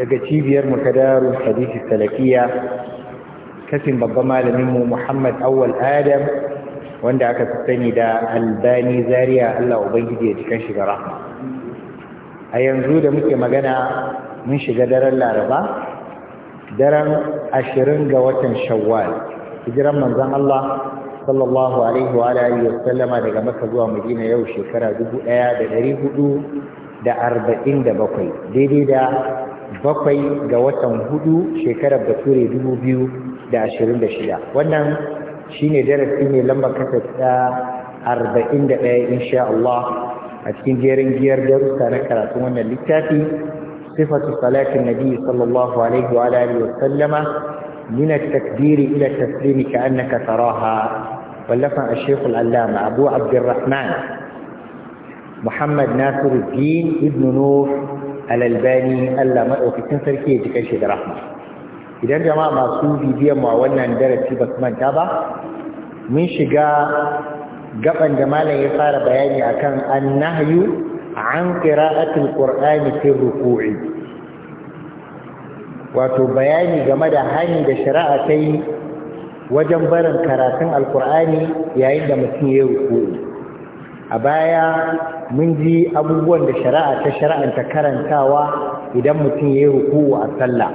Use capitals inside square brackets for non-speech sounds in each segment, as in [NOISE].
daga cibiyar makadarun hadisi salafiya kasin babban malaminmu muhammad awal adam wanda aka fi sani da albani zaria allah ubangiji ya cikin shiga rahma a yanzu da muke magana mun shiga daren laraba daren ashirin ga watan shawwal hijiran manzon allah sallallahu alaihi wa alihi wa sallama daga maka zuwa madina yau shekara dubu ɗaya da ɗari hudu da arba'in da bakwai daidai da bakwai ga watan hudu shekarar bature dubu biyu da ashirin da shida wannan shine darasi ne lambar ta arba'in da ɗaya insha Allah a cikin jerin giyar darussa na karatu wannan littafi sifatu salatin nabi sallallahu alaihi wa alihi wa sallama takbiri التكبير إلى التسليم كأنك تراها ولفن الشيخ العلامة أبو عبد الرحمن محمد muhammad الدين ابن نور alalbani Allah maɗaukacin sarki ya ji kanshi da rahma idan jama'a masu bibiyan ma wannan darasi ba su manta ba mun shiga gaban da malam ya fara bayani akan annahyu an qira'atul qur'ani fi ruku'i wato bayani game da hani da shari'a ta yi wajen barin karatun alkur'ani yayin da mutum ya ruku a baya mun ji abubuwan da shari'a ta shari'anta karantawa idan mutum ya yi ruku'u a sallah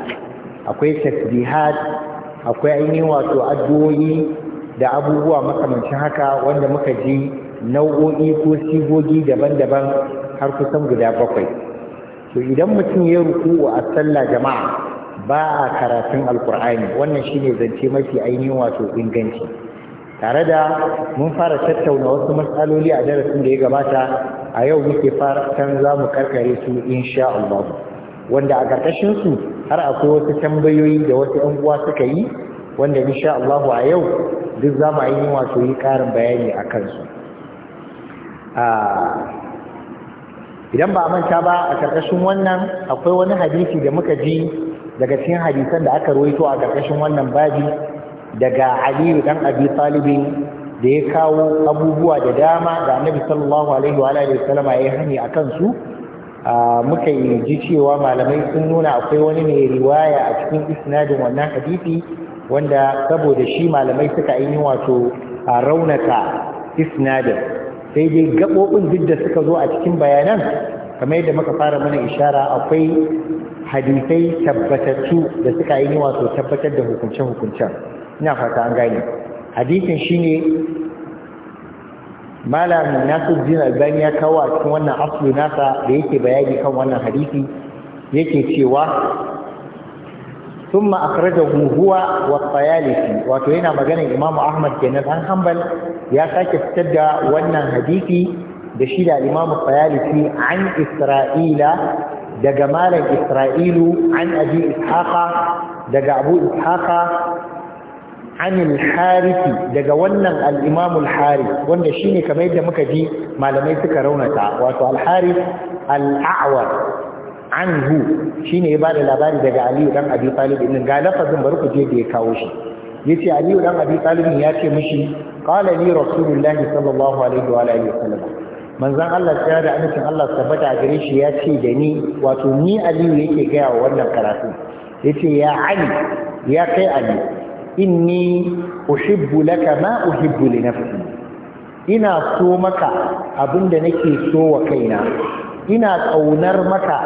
akwai tasbihat akwai ainihin wato addu'o'i da abubuwa makamancin haka wanda muka ji nau'o'i ko sigogi daban-daban har kusan guda bakwai to idan mutum ya yi ruku'u a sallah jama'a ba a karatun alkur'ani wannan shine zance mafi ainihin wato inganci tare da mun fara tattauna wasu matsaloli a darasin da ya gabata a yau muke fara fatan za mu karkare su insha Allah wanda a karkashin su har akwai wasu tambayoyi da wasu ƴan uwa suka yi wanda insha Allah a yau duk za mu yi wato yi ƙarin bayani a kansu idan ba a manta ba a karkashin wannan akwai wani hadisi da muka ji daga cikin hadisan da aka rawaito a karkashin wannan babi daga Aliyu dan Abi Talibin da ya kawo abubuwa da dama da annabi sallallahu alaihi wa alihi wasallama ya hani a kansu muka yi ji cewa malamai sun nuna akwai wani mai riwaya a cikin isnadin wannan hadisi wanda saboda shi malamai suka ni wato a raunata isnadin sai dai gaɓoɓin duk da suka zo a cikin bayanan kamar yadda muka fara mana ishara akwai hadisai tabbatattu da suka yi wato tabbatar da hukunce-hukuncen ina fata an gane hadisin shine malam Nasiruddin Albani ya kawo a cikin wannan aslu nasa da yake bayani kan wannan hadisi yake cewa thumma akhrajahu huwa wa Tayalisi wato yana magana Imam Ahmad kenan an hambal. ya sake fitar da wannan hadisi da shi da Imam Tayalisi an Isra'ila daga malam Isra'ilu an Abi Ishaqa daga Abu Ishaqa anil harifi daga wannan al'imamul hari wanda shine kamar yadda muka ji malamai suka raunata wato al-harif al'awar anhu shine ya ba da labari daga aliyu ɗan abi talib ɗin ga lafazin bari ku je da ya kawo shi ya ce aliyu ɗan abi talib ya ce mishi ƙala ni rasulullahi sallallahu alaihi wa alihi wasallam manzon Allah ya da amincin Allah tabbata a gare shi ya ce da ni wato ni aliyu yake gaya wa wannan karatu ya ce ya ali ya kai ali inni uhibbu laka ma uhibbu li nafsi ina so maka abinda nake so wa kaina ina kaunar maka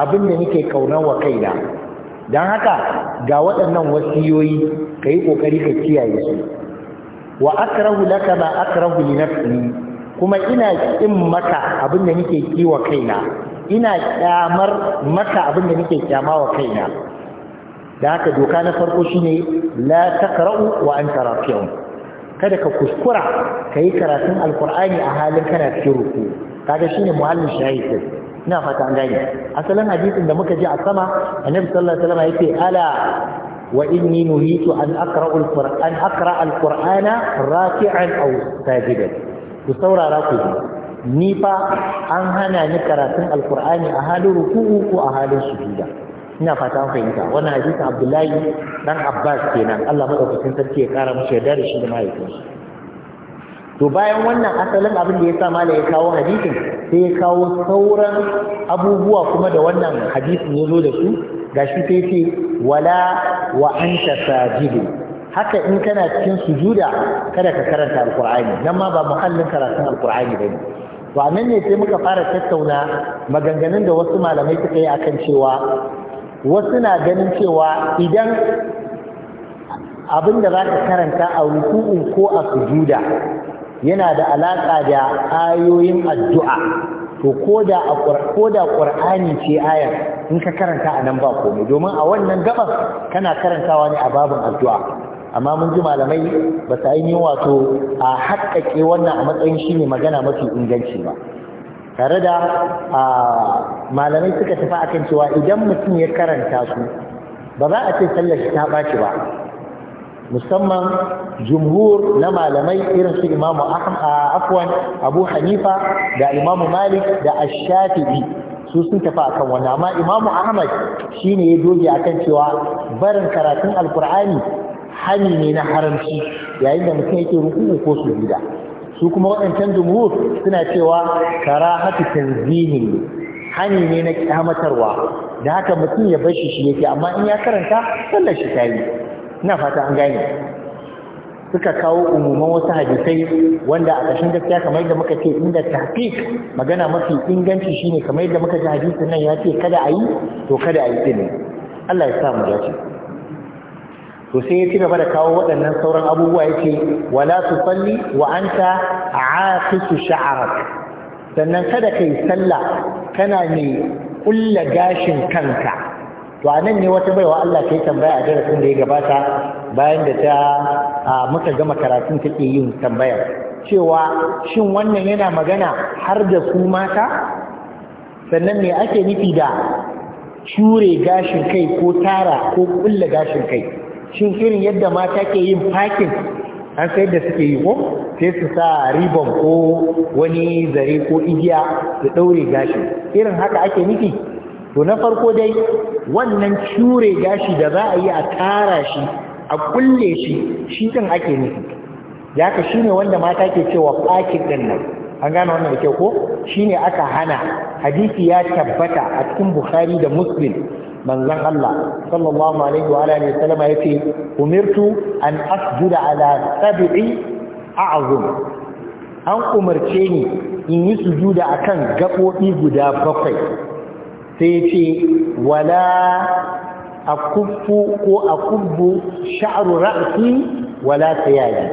abinda nake kaunar wa kaina dan haka ga waɗannan wasiyoyi kai kokari ka kiyaye su wa akrahu laka ma akrahu li nafsi kuma ina kin maka abinda nake kiwa kaina ina kyamar maka abinda nake kyama wa kaina da haka doka na farko shine la taqra'u wa anta raki'un kada ka kuskura kai karatun alqur'ani a halin kana cikin ruku kaga shine muhallin shahid ina fata an gane asalin hadisin da muka ji a sama annabi sallallahu alaihi wasallam yake ala wa inni nuhitu an aqra'u alqur'an aqra'a alqur'ana raki'an aw sajidan ku saurara ku ni fa an hana ni karatun alqur'ani a halin ruku'u ko a halin sujuda ina fata an fahimta wannan hadisi abdullahi dan abbas kenan allah madaukakin sarki ya kara mushi yarda da shi da mahaifinsa to bayan wannan asalin abin da ya sa mala ya kawo hadisin sai ya kawo sauran abubuwa kuma da wannan hadisin ya zo da su gashi sai ce wala wa anta sajidu haka in kana cikin sujuda kada ka karanta alqur'ani nan ma ba muhallin karatun alqur'ani bane to nan ne sai muka fara tattauna maganganun da wasu malamai suka yi akan cewa wasu na ganin cewa idan abin da za ka karanta a ruku'u ko a sujuda yana da alaƙa da ayoyin addu'a to ko da ƙur'ani ce ayar in ka karanta a nan ba komai domin a wannan gabas kana karantawa ne a babin addu'a amma mun ji malamai ba su yi wato a haƙaƙe wannan a matsayin shi ne magana mafi inganci ba tare da malamai suka tafi akan cewa idan mutum ya karanta su ba za a ce sallar shi ta ɓaci ba musamman jumhur na malamai irin su imamu afwan abu hanifa da imamu malik da ashafi'i su sun tafi akan wannan amma imamu ahmad shine ya doge akan cewa barin karatun alkur'ani hani ne na haramci yayin da mutum yake ruku ko su gida su kuma waɗancan jumhur suna cewa Kara karahatu tanzihin hani ne na kyamatarwa da haka mutum ya bar shi shi yake amma in ya karanta sallar shi ta yi ina fata an gane suka kawo umuman wasu hadisai wanda a ƙarshen gaskiya kamar yadda muka ce inda tahqiq magana mafi inganci shi ne kamar yadda muka ji hadisin nan ya ce kada a yi to kada a yi din Allah ya sa mu dace to sai ya ci gaba da kawo waɗannan sauran abubuwa yake wala salli wa anta aqisu sha'rak sannan kada kai sallah kana ne kulla gashin kanka to anan ne wata baiwa Allah ta tambaya a darasin da ya gabata bayan da ta muka gama karatun take yin tambayar cewa shin wannan yana magana har da su mata sannan me ake nufi da cure gashin kai ko tara ko kulla gashin kai shin irin yadda mata ke yin fakin an sai da suke yi ko sai su sa ribon ko wani zare ko igiya su ɗaure gashi irin haka ake nufi to na farko dai wannan cure gashi da za a yi a tara shi a kulle shi shi ɗin ake nufi ya ka ne wanda mata ke cewa fakin ɗin nan an gane wannan da kyau ko Shi ne aka hana hadisi ya tabbata a cikin bukhari da muslim manzon Allah sallallahu alaihi wa alihi wasallam yace umirtu an asjuda ala sab'i a'zum an umarce ni in yi sujuda akan gabobi guda bakwai sai yace wala akuffu ko akubbu sha'ru ra'si wala sayali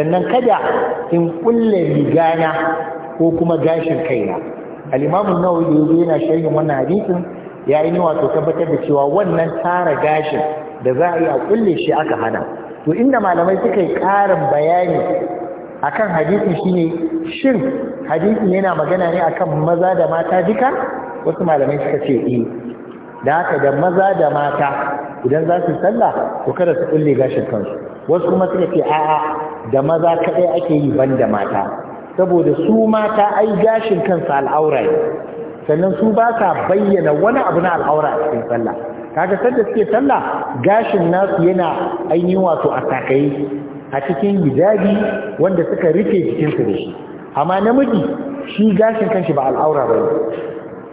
sannan kada in kulle rigana ko kuma gashin kaina al-imamu nawawi yana sharhin wannan hadisin ya yi wato tabbatar da cewa wannan tara gashin da za a yi a kulle shi aka hana to inda malamai suka yi ƙarin bayani akan hadisin shine shin hadisin yana magana ne akan maza da mata duka wasu malamai suka ce eh da haka da maza da mata idan za su sallah to kada su kulle gashin kansu wasu kuma suka ce a'a da maza kadai ake yi banda mata saboda su mata ai gashin kansu al'aura ne sannan su ba sa bayyana wani abu na al'aura a cikin sallah kaga sanda suke sallah gashin nasu yana ainihin wato a takaye a cikin hijabi wanda suka rufe jikinsu da shi amma namiji shi gashin kanshi ba al'aura ba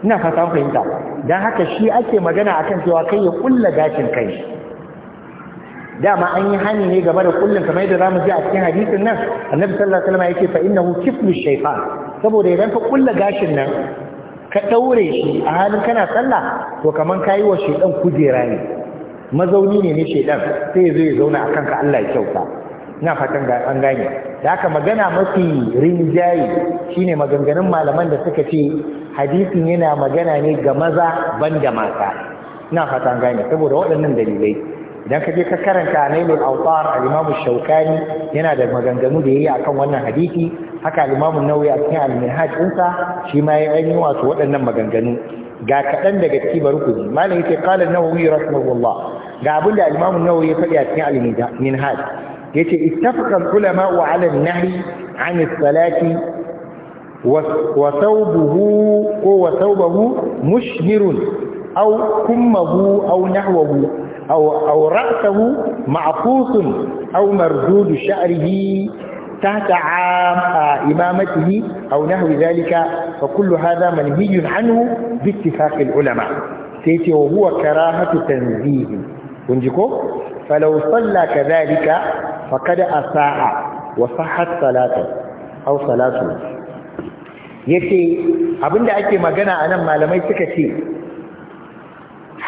ina fata fahimta Dan haka shi ake magana akan cewa kai ya kulla gashin kai dama an yi hani ne game da kullun kamar yadda zamu ji a cikin hadisin nan annabi sallallahu alaihi wasallam yake fa innahu kiflu shaytan saboda idan ka kulla gashin nan ka ɗaure shi a halin kana sallah to kaman ka wa shaidan kujera ne mazauni ne ne shaidan sai ya zo ya zauna a kanka Allah ya kyauta ina fatan an gane da haka magana mafi rinjayi shine maganganun malaman da suka ce hadisin yana magana ne ga maza banda mata ina fatan gane saboda waɗannan dalilai idan ka je ka karanta nailul Autar al-imam shaukani yana da maganganu da yayi akan wannan hadisi haka al-imam nawawi a cikin al-minhaj shi ma ya yi wato waɗannan maganganu ga kaɗan daga ciki bari ku malam yace qala an-nawawi rahimahullah ga abin da al-imam an-nawawi ya faɗi a cikin al-minhaj yace ittafaqa al-ulama 'ala an-nahy 'an as-salati wa thawbuhu wa thawbuhu mushmirun aw kummuhu aw nahwahu أو, أو رأسه معقوس أو مردود شعره تحت إمامته أو نحو ذلك فكل هذا منهي عنه باتفاق العلماء سيتي وهو كراهة تنزيه ونجيكو فلو صلى كذلك فقد أساء وصحت صلاته أو صلاته yace abinda ake magana anan malamai suka ce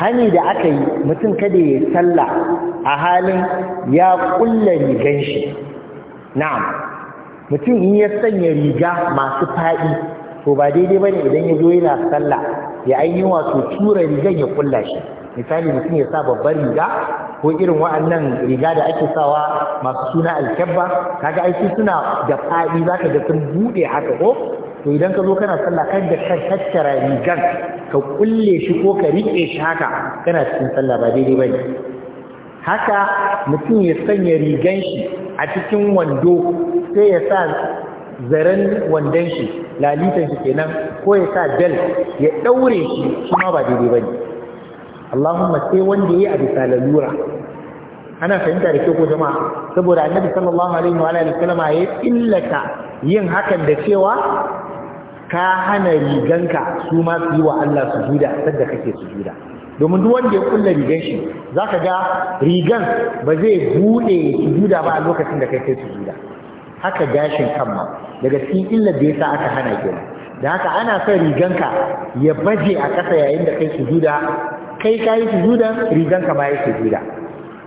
hani da aka yi mutum kada ya sallah a halin ya kulla rigan shi na'am mutum in ya sanya riga masu faɗi to ba daidai bane idan ya zo yana sallah ya ainihin wato tura rigan ya kulla shi misali mutum ya sa babbar riga ko irin wa'annan riga da ake sawa masu suna alkyabba kaga aiki suna da faɗi zaka ga sun buɗe haka ko to idan ka zo kana sallah kan da ka tattara rigar ka kulle shi ko ka riƙe shi haka kana cikin sallah ba daidai bane haka mutum ya sanya rigan shi a cikin wando sai ya sa zaren wandon shi lalitan shi kenan ko ya sa bel ya ɗaure shi kuma ba daidai bane Allahumma sai wanda ya yi a bisa lalura ana fahimta da ke ko jama'a saboda annabi sallallahu alaihi wa alihi wasallama ya illata yin hakan da cewa ka hana riganka su ma su yi wa Allah su sujuda sadda kake su sujuda domin duk wanda ya kulle rigan shi za ka ga rigan ba zai bude su juda ba a lokacin da kai su sujuda haka gashin kan ma daga cikin illar da yasa aka hana ke da haka ana son riganka ya baje a ƙasa yayin da kai su juda kai ka yi su sujuda riganka ma ya juda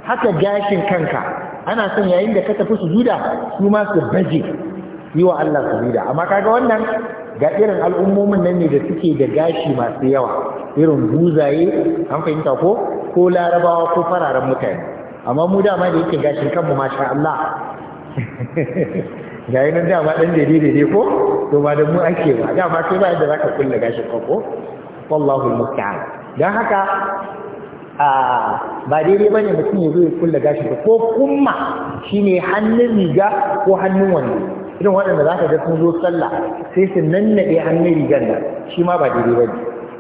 haka gashin kanka ana son yayin da ka tafi su sujuda su ma su baje yi wa Allah sabida amma kaga wannan ga irin al'ummomin nan ne da suke da gashi masu yawa irin buzaye an fahimta ko ko larabawa ko fararen mutane amma mu dama da yake gashin kanmu masha Allah [LAUGHS] ga yi nan dama ɗan daidai ne ko to ba da mu ake ba dama sai ba yadda za ka kulle gashin kanko wallahu musta'an don haka ba daidai bane mutum ya zo ya kulle gashin ko kuma shine hannun riga ko hannun wani. irin waɗanda za ka ga sun zo sallah sai su nannaɗe hannun rigar da shi ma ba daidai ba ne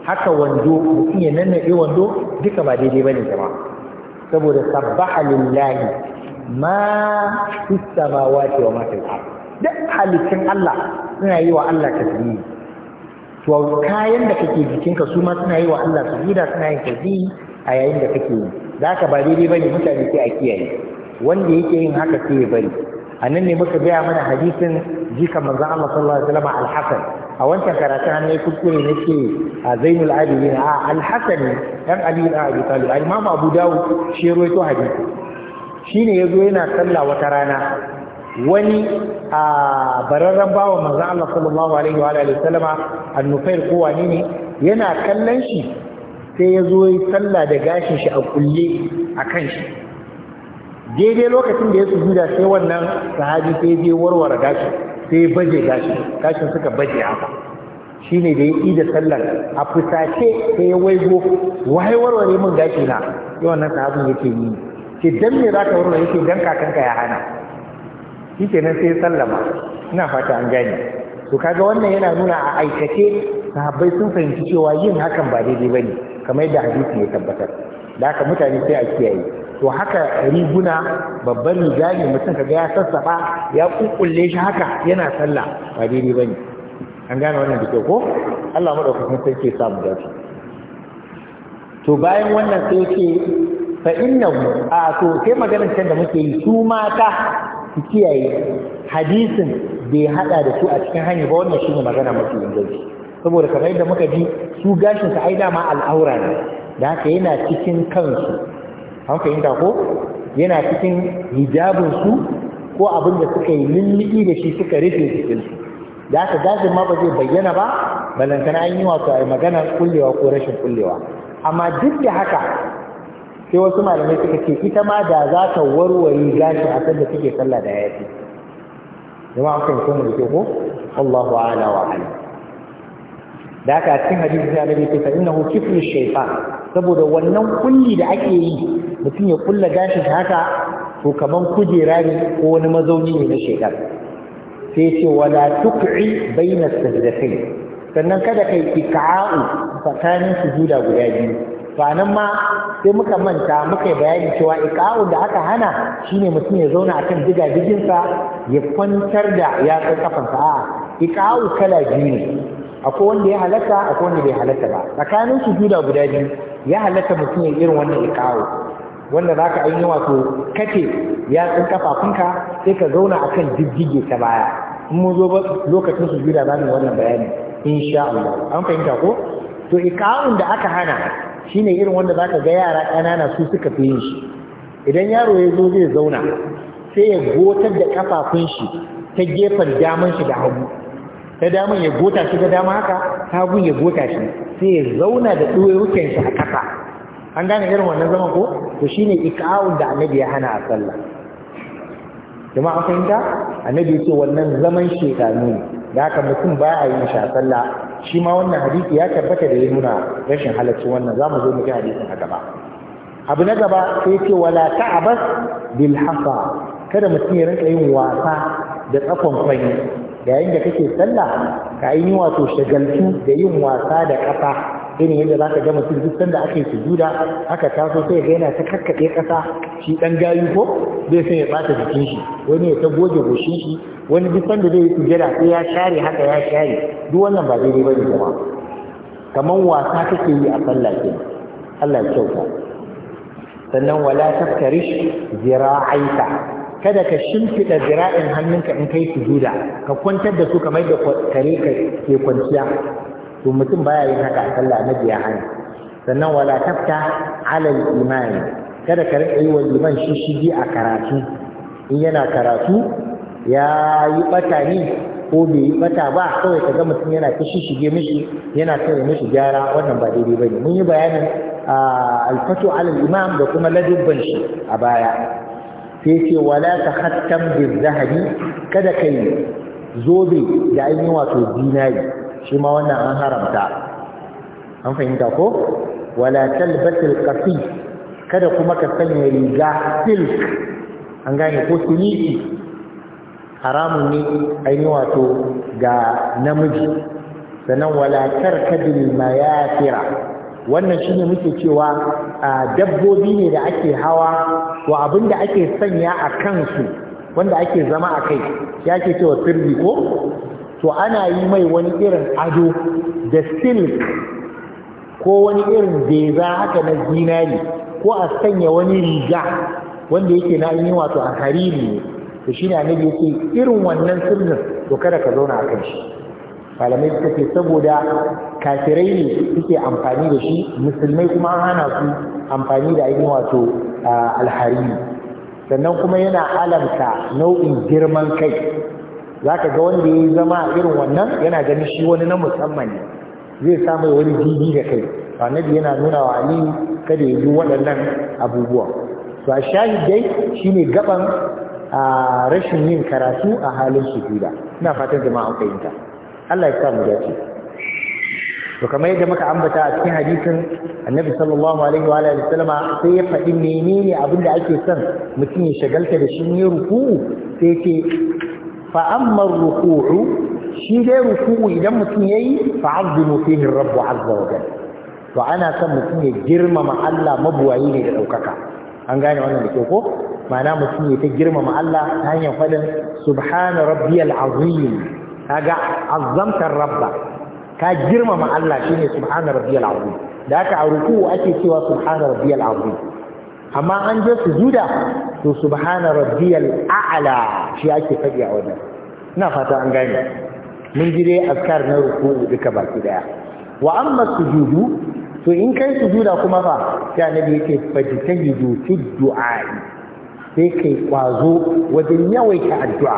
haka wando mutum ya nannaɗe wando duka ba daidai ba ne jama'a saboda sabba lillahi ma ma wace wa mata yi. duk halittun Allah suna yi wa Allah tasbihi to kayan da kake jikinka su ma suna yi wa Allah sujuda suna yin tasbihi a yayin da kake yi Za ka ba daidai bane mutane sai a kiyaye wanda yake yin haka sai ya bari a nan ne muka gaya mana hadisin jikan Manzan Allah sallallahu alaihi wasallam al-Hasan a wancan karatun an yi kuskure ne ke a Zainul Abidin a al-Hasan dan Ali ibn Abi Talib al-Imam Abu Dawud shi ruwaito hadisi shine yazo yana sallah wata rana wani a bararren bawa manzon Allah sallallahu alaihi wa alihi wasallama an-Nufair ko wani ne yana kallon shi sai ya zo yi sallah da gashin shi a kulle a kan shi daidai lokacin da ya sujuda sai wannan sahabi sai je warware gashi sai baje gashi gashin suka baje haka shine da ya yi da sallar a fusace sai ya waigo wai warware min gashi na sai wannan sahabin yake yi ce dan me zaka warware yake dan kakanka ya hana shi kenan sai sallama ina fata an gane to kaga wannan yana nuna a aikace sahabbai sun fahimci cewa yin hakan ba daidai bane kamar yadda hadisi ya tabbatar da haka mutane sai a kiyaye to haka riguna babban riga ne mutum ga ya sassaba ya kukulle shi haka yana sallah ba daidai ba ne. an gane wannan da ko Allah madaukakin sarki ya samu dace to bayan wannan sai yake fa innahu a to sai maganar can da muke yi su mata su kiyaye hadisin bai hada da su a cikin hanyar ba wannan shine magana mafi inganci saboda kamar yadda muka ji su gashin sa ai dama al'aura ne da haka yana cikin kansu an fahimta ko yana cikin hijabinsu ko abin da suka yi lulluɗi da shi suka rufe jikinsu da aka gajin ma ba zai bayyana ba balantana an yi wato a magana kullewa ko rashin kullewa amma duk da haka sai wasu malamai suka ce ita ma da za ta warware gashi a sanda take sallah da yafi jama'a kan kuma da ke ko Allahu a'ala wa da haka cikin hadisi sai annabi ce fa innahu kiflu shaytan saboda wannan kulli da ake yi mutum ya kulla gashin haka to kaman kujera ne ko wani mazauni ne na shaytan sai ce wala tuqi baina sajdatayn sannan kada kai ika'u tsakanin sujuda guda biyu nan ma sai muka manta muka yi bayani cewa ika'u da aka hana shine mutum ya zauna akan digadiginsa ya kwantar da yatsun kafansa a'a ika'u kala biyu ne akwai wanda ya halatta akwai wanda bai halatta ba tsakanin juda guda biyu ya halatta mutum ya irin wannan iqawo wanda za ka yi wato kace ya tsin kafafunka sai ka zauna akan jijjige ta baya in mun zo lokacin sujuda za mu wannan bayani insha Allah an fahimta ko to ikawun da aka hana shine irin wanda ka ga yara ƙanana su suka fi yin shi idan yaro ya zo zai zauna sai ya gotar da kafafun shi ta gefen daman shi da hagu ta daman ya gota shi ga dama haka ta ya gota shi sai ya zauna da ɗoyoyin shi a ƙasa an gane irin wannan zama ko to shine ikawun da annabi ya hana a sallah kuma an fahimta annabi ya ce wannan zaman shekaru ne da haka mutum ba a yi shi a sallah shi ma wannan hadisi ya tabbata da ya nuna rashin halarci wannan za mu zo mu ji hadisin a gaba abu na gaba sai ce wala ta'abas bil hafa kada mutum ya rinka yin wasa da tsakon kwanyi. yayin da kake sallah ka yi wato shagaltu da yin wasa da ƙasa irin yadda za ka ga mutum duk sanda ake sujuda aka taso sai ga yana ta kakkaɓe ƙasa shi ɗan gayu ko zai san ya ɓata jikin shi wani ya ta goge goshin shi wani duk sanda zai yi sujada sai ya share haka ya share duk wannan ba daidai ba ne jama'a kamar wasa kake yi a sallah kenan Allah ya kyauta sannan wala tafkarish zira'aita kada ka shimfiɗa zira'in hannunka in kai sujuda ka kwantar da su kamar da kare ka ke kwanciya to mutum baya yin haka a sallah na biya hana sannan wala tafta alal imani kada ka rika yi wa liman shishigi a karatu in yana karatu ya yi bata ne ko bai yi bata ba kawai ka ga mutum yana ta shishige mishi yana kai mishi gyara wannan ba daidai ne. mun yi bayanin ah, alfatu alal imam da kuma ladubban shi a baya sai ce wala ta hattam bin zahari kada ka yi zobe da ainihin wato zinari shi ma wannan an haramta an fahimta ko wala talbatil qafi kada kuma ka sanya riga silk an gane ko siliki haramun ne ainihin wato ga namiji sannan wala tarkadil mayafira wannan shine muke cewa dabbobi ne da ake hawa wa abin da ake sanya a kansu wanda ake zama a kai ya ke cewa sirri ko to ana yi mai wani irin ado da silk ko wani irin beza haka na zinari ko a sanya wani riga wanda yake na yi wato a hariri ne to shine annabi yake irin wannan sirrin to kada ka zauna a kan shi malamai suka ce saboda kafirai ne suke amfani da shi musulmai kuma an hana su amfani da ainihin wato alhari sannan kuma yana alamta nau'in girman kai za ka ga wanda ya yi zama irin wannan yana ganin shi wani na musamman ne zai samu wani jini da kai annabi yana nuna wa aliyu kada ya yi waɗannan abubuwa to a Shi shine gaban rashin yin karatu a halin sujuda ina fatan jama'a fahimta Allah ya samu dace to kamar yadda muka ambata a cikin hadisin annabi sallallahu alaihi wa alihi sallama sai ya faɗi menene abin da ake son mutum ya shagalta da shi ne ruku'u sai ya ce fa amma ruku'u shi dai ruku'u idan mutum yayi fa azzimu fihi rabbu azza wa jalla to ana son mutum ya girmama Allah mabuwayi ne da daukaka an gane wannan da ke ko ma'ana mutum ya ta girmama Allah ta hanyar faɗin subhana rabbiyal azim kaga azamtar rabba ka girmama Allah shine subhana rabbiyal azim da haka a ruku ake cewa subhana rabbiyal azim amma an je sujuda to subhana rabbiyal a'la shi ake faɗi a wannan ina fata an gane mun ji dai askar na ruku duka baki daya wa amma sujudu to in kai sujuda kuma fa sai annabi yake fajtahidu fi du'a sai kai kwazo wajen yawaita addu'a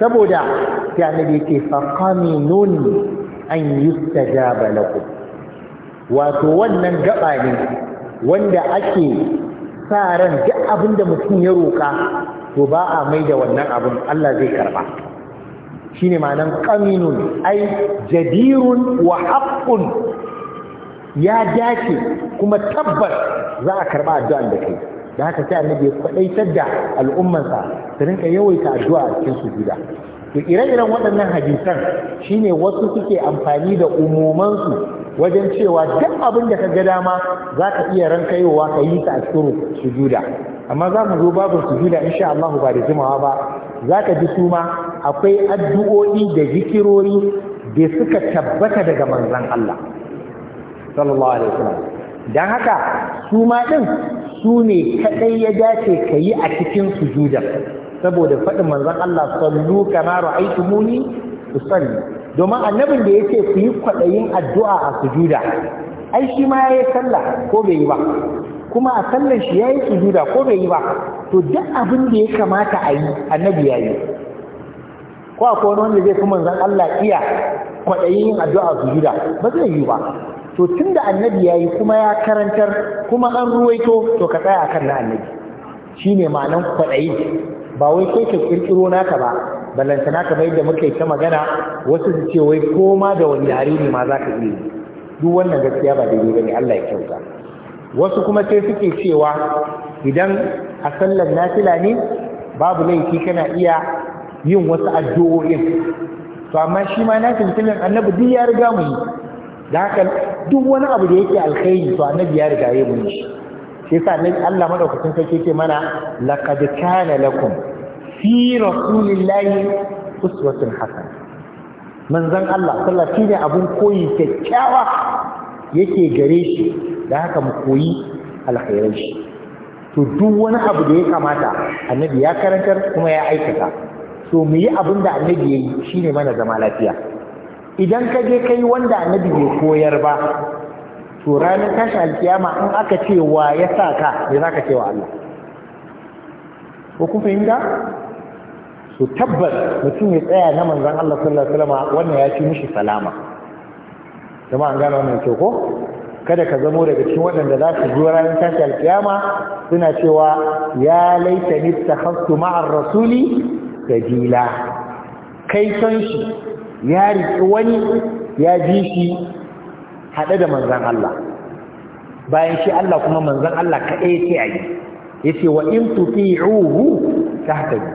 saboda sai annabi yake fa qaminun an na ku, wato wannan gaba ne wanda ake sa ran duk abin da mutum ya roƙa to ba a mai da wannan abin Allah zai karba shine manan kaminun ai jadirun wa ya dace kuma tabbas za a karba addu'an da kai da haka sai annabi ya kwadaitar da al'ummansa su rinka yawaita addu'a a cikin sujuda to ire-iren waɗannan hadisan shine wasu suke amfani da umumansu wajen cewa duk abin da ka ga dama za ka iya rankayowa ka yi ta a cikin sujuda amma za mu zo babu sujuda insha Allah ba da jimawa ba za ka ji su ma akwai addu'o'i da zikirori da suka tabbata daga manzon Allah sallallahu alaihi wasallam dan haka su ma din su ne kaɗai ya dace ka yi a cikin sujuda saboda faɗin manzon Allah sallu kama ra'aytu muni usalli domin annabin da yake ku yi kwaɗayin addu'a a sujuda ai shi ma yayi sallah ko bai yi ba kuma a sallar shi yayi sujuda ko bai yi ba to duk abin da ya kamata a yi annabi yi? ko akwai wani wanda zai fi manzon Allah iya kwaɗayin addu'a a sujuda ba zai yi ba to tun da annabi ya yi kuma ya karantar kuma an ruwaito to ka tsaya akan na annabi shi ne ma'anan kwaɗayi ba wai kai ka ƙirƙiro naka ba ballanta naka bai da muka yi ta magana wasu su ce wai koma da wani yare ne ma za ka iya duk wannan gaskiya ba daidai bane Allah ya kyauta wasu kuma sai suke cewa idan a sallar nafila ne babu laifi kana iya yin wasu addu'o'in to amma shi ma nafilin annabi duk ya riga mu yi da haka duk wani abu da yake alkhairi to annabi ya riga ya mun shi sai sa annabi Allah madaukakin sarki yake mana laqad kana lakum fi rasulillahi uswatun hasana manzon Allah sallallahu alaihi abun koyi kyakkyawa yake gare shi da haka mu koyi alkhairai shi to duk wani abu da ya kamata annabi ya karantar kuma ya aikata to mu yi abin da annabi ya yi shine mana zama lafiya idan ka je kai wanda annabi bai koyar ba to ranar tashi alkiyama in aka ce wa ya sa ka me za ka ce wa Allah ko kun fahimta su tabbas mutum ya tsaya na manzon Allah sallallahu alaihi wasallam wannan ya ci mishi salama kuma an gano wannan ko kada ka zamo daga cikin waɗanda za su zo ranar tashi alkiyama suna cewa ya laita ni takhassu ma'ar rasuli sabila kai san shi ya riƙi wani ya ji shi haɗe da manzan Allah bayan shi Allah kuma manzan Allah kaɗai ce a yi ya ce wa in tuti'uhu tahtaju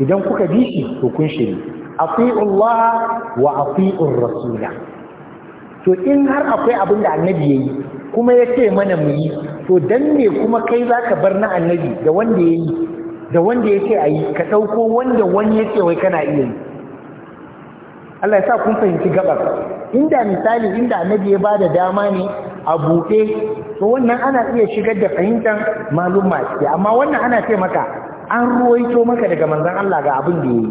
idan kuka bi shi to kun shiri ati'u Allah wa ati'u rasula to in har akwai abin da annabi yayi kuma ya ce mana mu yi to dan ne kuma kai zaka bar na annabi da wanda yayi da wanda ya ce a yi ka ɗauko wanda wani ya ce wai kana iya yi Allah ya sa kun fahimci gabar inda misali inda annabi ya bada dama ne a buɗe to wannan ana iya shigar da fahimtar maluma ce amma wannan ana ce maka an ruwaito maka daga manzon Allah ga abin da yayi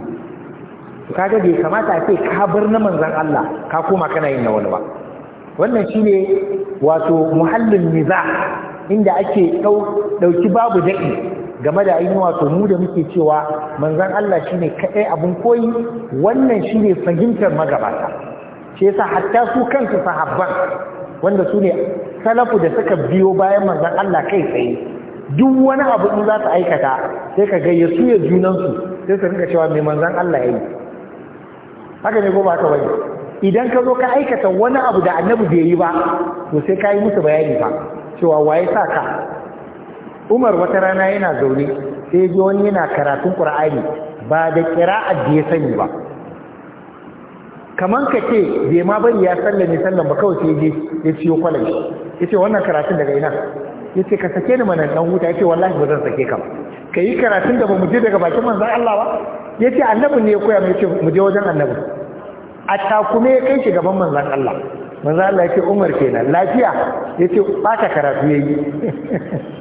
to kaga bai kamata a ce ka bar na manzon Allah ka koma kana yin na wani ba wannan shine wato muhallin niza inda ake ɗauki babu daɗi game da ainihin wato mu da muke cewa manzan Allah shi ne kaɗai abun koyi wannan shi ne fahimtar magabata shi yasa hatta su kansu sahabban wanda su ne salafu da suka biyo bayan manzan Allah kai tsaye duk wani abu in za su aikata sai ka gayya su ya junansu sai su rinka cewa mai manzan Allah yayi haka ne ko ba ka bane idan ka zo ka aikata wani abu da annabi bai yi ba to sai ka yi musu bayani ba cewa waye sa ka umar wata rana yana zaune sai ji wani yana karatun qur'ani ba da qira'at da ya sani ba kaman ka ce bai ma bari ya ne sallan ba kawai sai je ya ciyo ya yace wannan karatun daga ina yace ka sake ni mana dan huta yace wallahi ba zan sake ka ba kai karatun da ba mu je daga bakin manzon Allah ba yace annabi ne ya koya mai yace mu je wajen annabi a takume kai shi gaban manzon Allah manzon Allah yace Umar kenan lafiya yace ba ka karatu yayi [LAUGHS]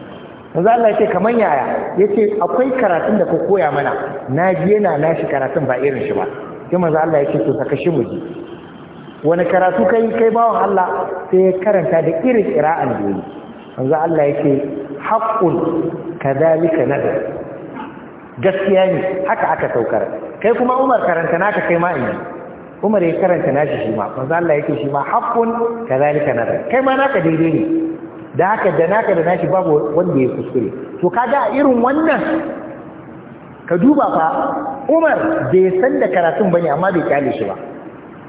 yanzu Allah ya ce kamar yaya ya ce akwai karatun da ka koya mana na ji yana nashi karatun ba irin shi ba sai manzo Allah ya ce to saka shi muji wani karatu kai kai bawan Allah sai ya karanta da irin qira'an da yi manzo Allah ya ce haqqun kadhalika nadar gaskiya ne haka aka saukar kai kuma Umar karanta naka kai ma in Umar ya karanta nashi shi ma manzo Allah ya ce shi ma haqqun kadhalika nadar kai ma naka daidai ne da haka da naka da nashi babu wanda ya kuskure to kaga a irin wannan ka duba fa Umar bai san da karatun bane amma bai kyale shi ba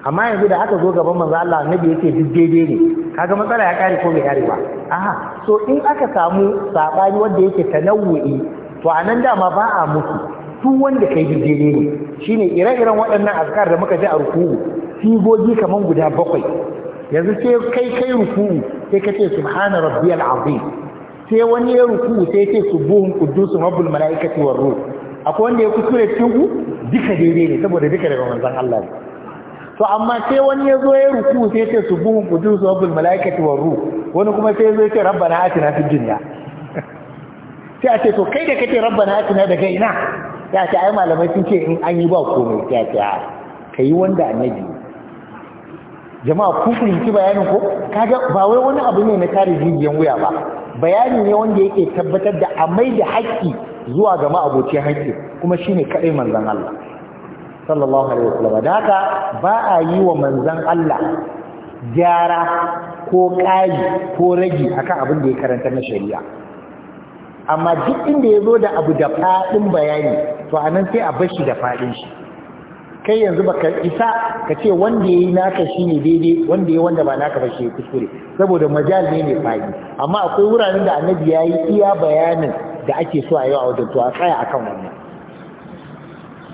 amma yanzu da aka zo gaban manzo Allah annabi yake duk daidai ne kaga matsala ya kare ko bai kare ba aha so in aka samu sabani wanda yake tanawu'i to anan dama ba a musu duk wanda kai duk daidai ne shine ire-iren waɗannan azkar da muka ji a ruku'u sigogi kaman guda bakwai yanzu sai kai kai ruku'u sai ka ce subhana rabbiyal azim sai wani ya ruku'u sai ya ce subuhun quddusun rabbul malaikati war ruh akwai wanda ya kuskure cikin ku duka daidai ne saboda duka daga manzon Allah ne to amma sai wani ya zo ya ruku sai ya ce subuhun qudus rabbul malaikati war ruh wani kuma sai ya zo ya ce rabbana atina fid dunya sai a ce to kai da kace rabbana atina daga ina sai a ce ai malamai sun ce in an yi ba komai sai a ce kai wanda annabi jama'a kun fahimci bayanin ko kaga ba wai wani abu ne na kare jijiyan wuya ba bayani ne wanda yake tabbatar da a mai da haƙƙi zuwa ga ma'abocin haƙƙi kuma shine kaɗai manzon Allah sallallahu alaihi wasallam da haka ba a yi wa manzon Allah gyara ko ƙayi ko ragi akan abin da ya karanta na shari'a amma duk inda ya zo da abu da faɗin bayani to anan sai a bar shi da faɗin shi kai yanzu baka isa ka ce wanda yayi naka shine daidai wanda yayi wanda ba naka ba shi kuskure saboda majal ne ne fadi amma akwai wuraren da annabi yayi iya bayanin da ake so a yi a wajen to tsaya akan wannan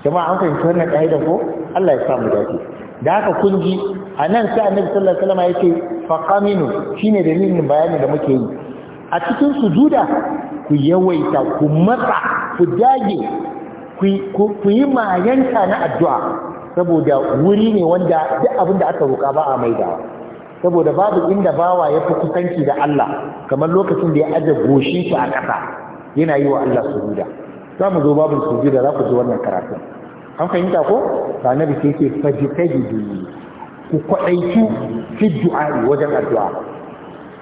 jama'a an fahimci wannan ka'ida ko Allah ya samu dace da haka kun ji a nan sai annabi sallallahu alaihi wasallam ce faqaminu shine dalilin bayanin da muke yi a cikin sujuda ku yawaita ku matsa ku dage ku yi mayanta na addu'a saboda wuri ne wanda duk abin da aka roƙa ba a maidawa saboda babu inda bawa ya fi kusanci da Allah kamar lokacin da ya aje goshi shi a ƙasa yana yi wa Allah sujuda za mu zo babin sujuda za ku ji wannan karatun an fahimta ko ba na ke ce fajitajidu ku kwaɗaitu fi du'a'i wajen addu'a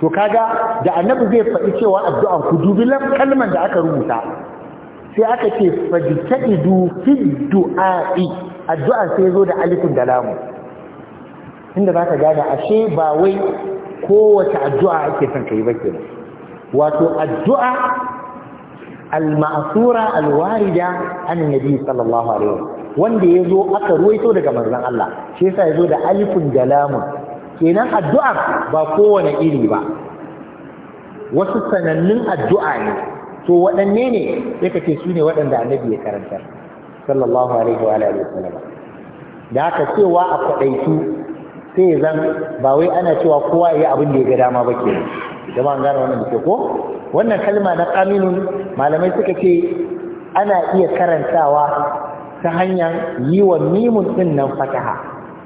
to kaga da annabi zai faɗi cewa addu'ar ku dubi kalman da aka rubuta sai aka ce fajtaidu fi du'a'i addu'a sai zo da alifin da lamu inda za ka gane ashe ba wai kowace addu'a ake son kai ba kenan wato addu'a al-ma'sura al-warida an nabi sallallahu alaihi wasallam wanda ya zo aka ruwaito daga manzon Allah shi yasa ya zo da alifin da lamun kenan addu'a ba kowane iri ba wasu sanannun addu'a ne to waɗanne ne sai ka su ne waɗanda annabi ya karantar sallallahu alaihi wa alihi wasallam da aka cewa a kwadaitu sai zan ba wai ana cewa kowa ya abin da ya ga dama ba ke jama an gane wannan ke ko wannan kalma na qaminun malamai suka ce ana iya karantawa ta hanyar yi wa mimun din nan fataha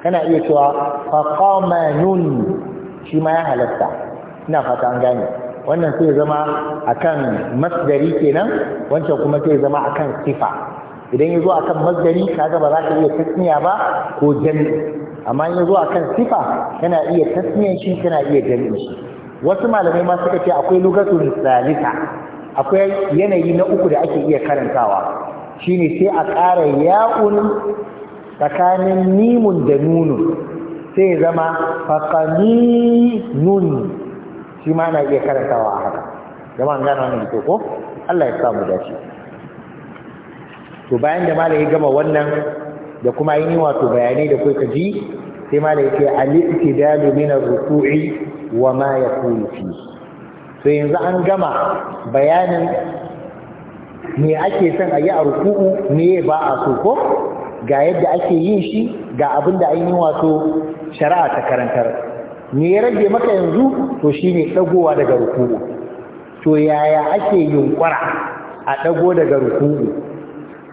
kana iya cewa faqamanun shi ma ya halatta ina fata an gane wannan sai zama akan masdari kenan wancan kuma sai zama akan sifa idan ya zo akan masdari kaga ba za ka iya tasniya ba ko jami'i amma ya zo akan sifa kana iya tasniyan shi kana iya jami shi wasu malamai ma suka ce akwai lugatun salisa akwai yanayi na uku da ake iya karantawa shine sai a ƙara ya'un tsakanin nimun da nunun sai zama faƙani nunun shi ma na iya karantawa a haka zama an gano wannan ko Allah ya samu dace to bayan da malai ya gama wannan da kuma yi wato bayanai da kuka ji sai malai ya ce Ali itidalu min ar-ruku'i wa ma yaqulu fi to yanzu an gama bayanin me ake son a yi a ruku'u me ba a so ko ga yadda ake yin shi ga abin da ainihin wato shari'a ta karantar me ya rage maka yanzu to shine ɗagowa daga ruku'u to yaya ake yunkura a ɗago daga ruku'u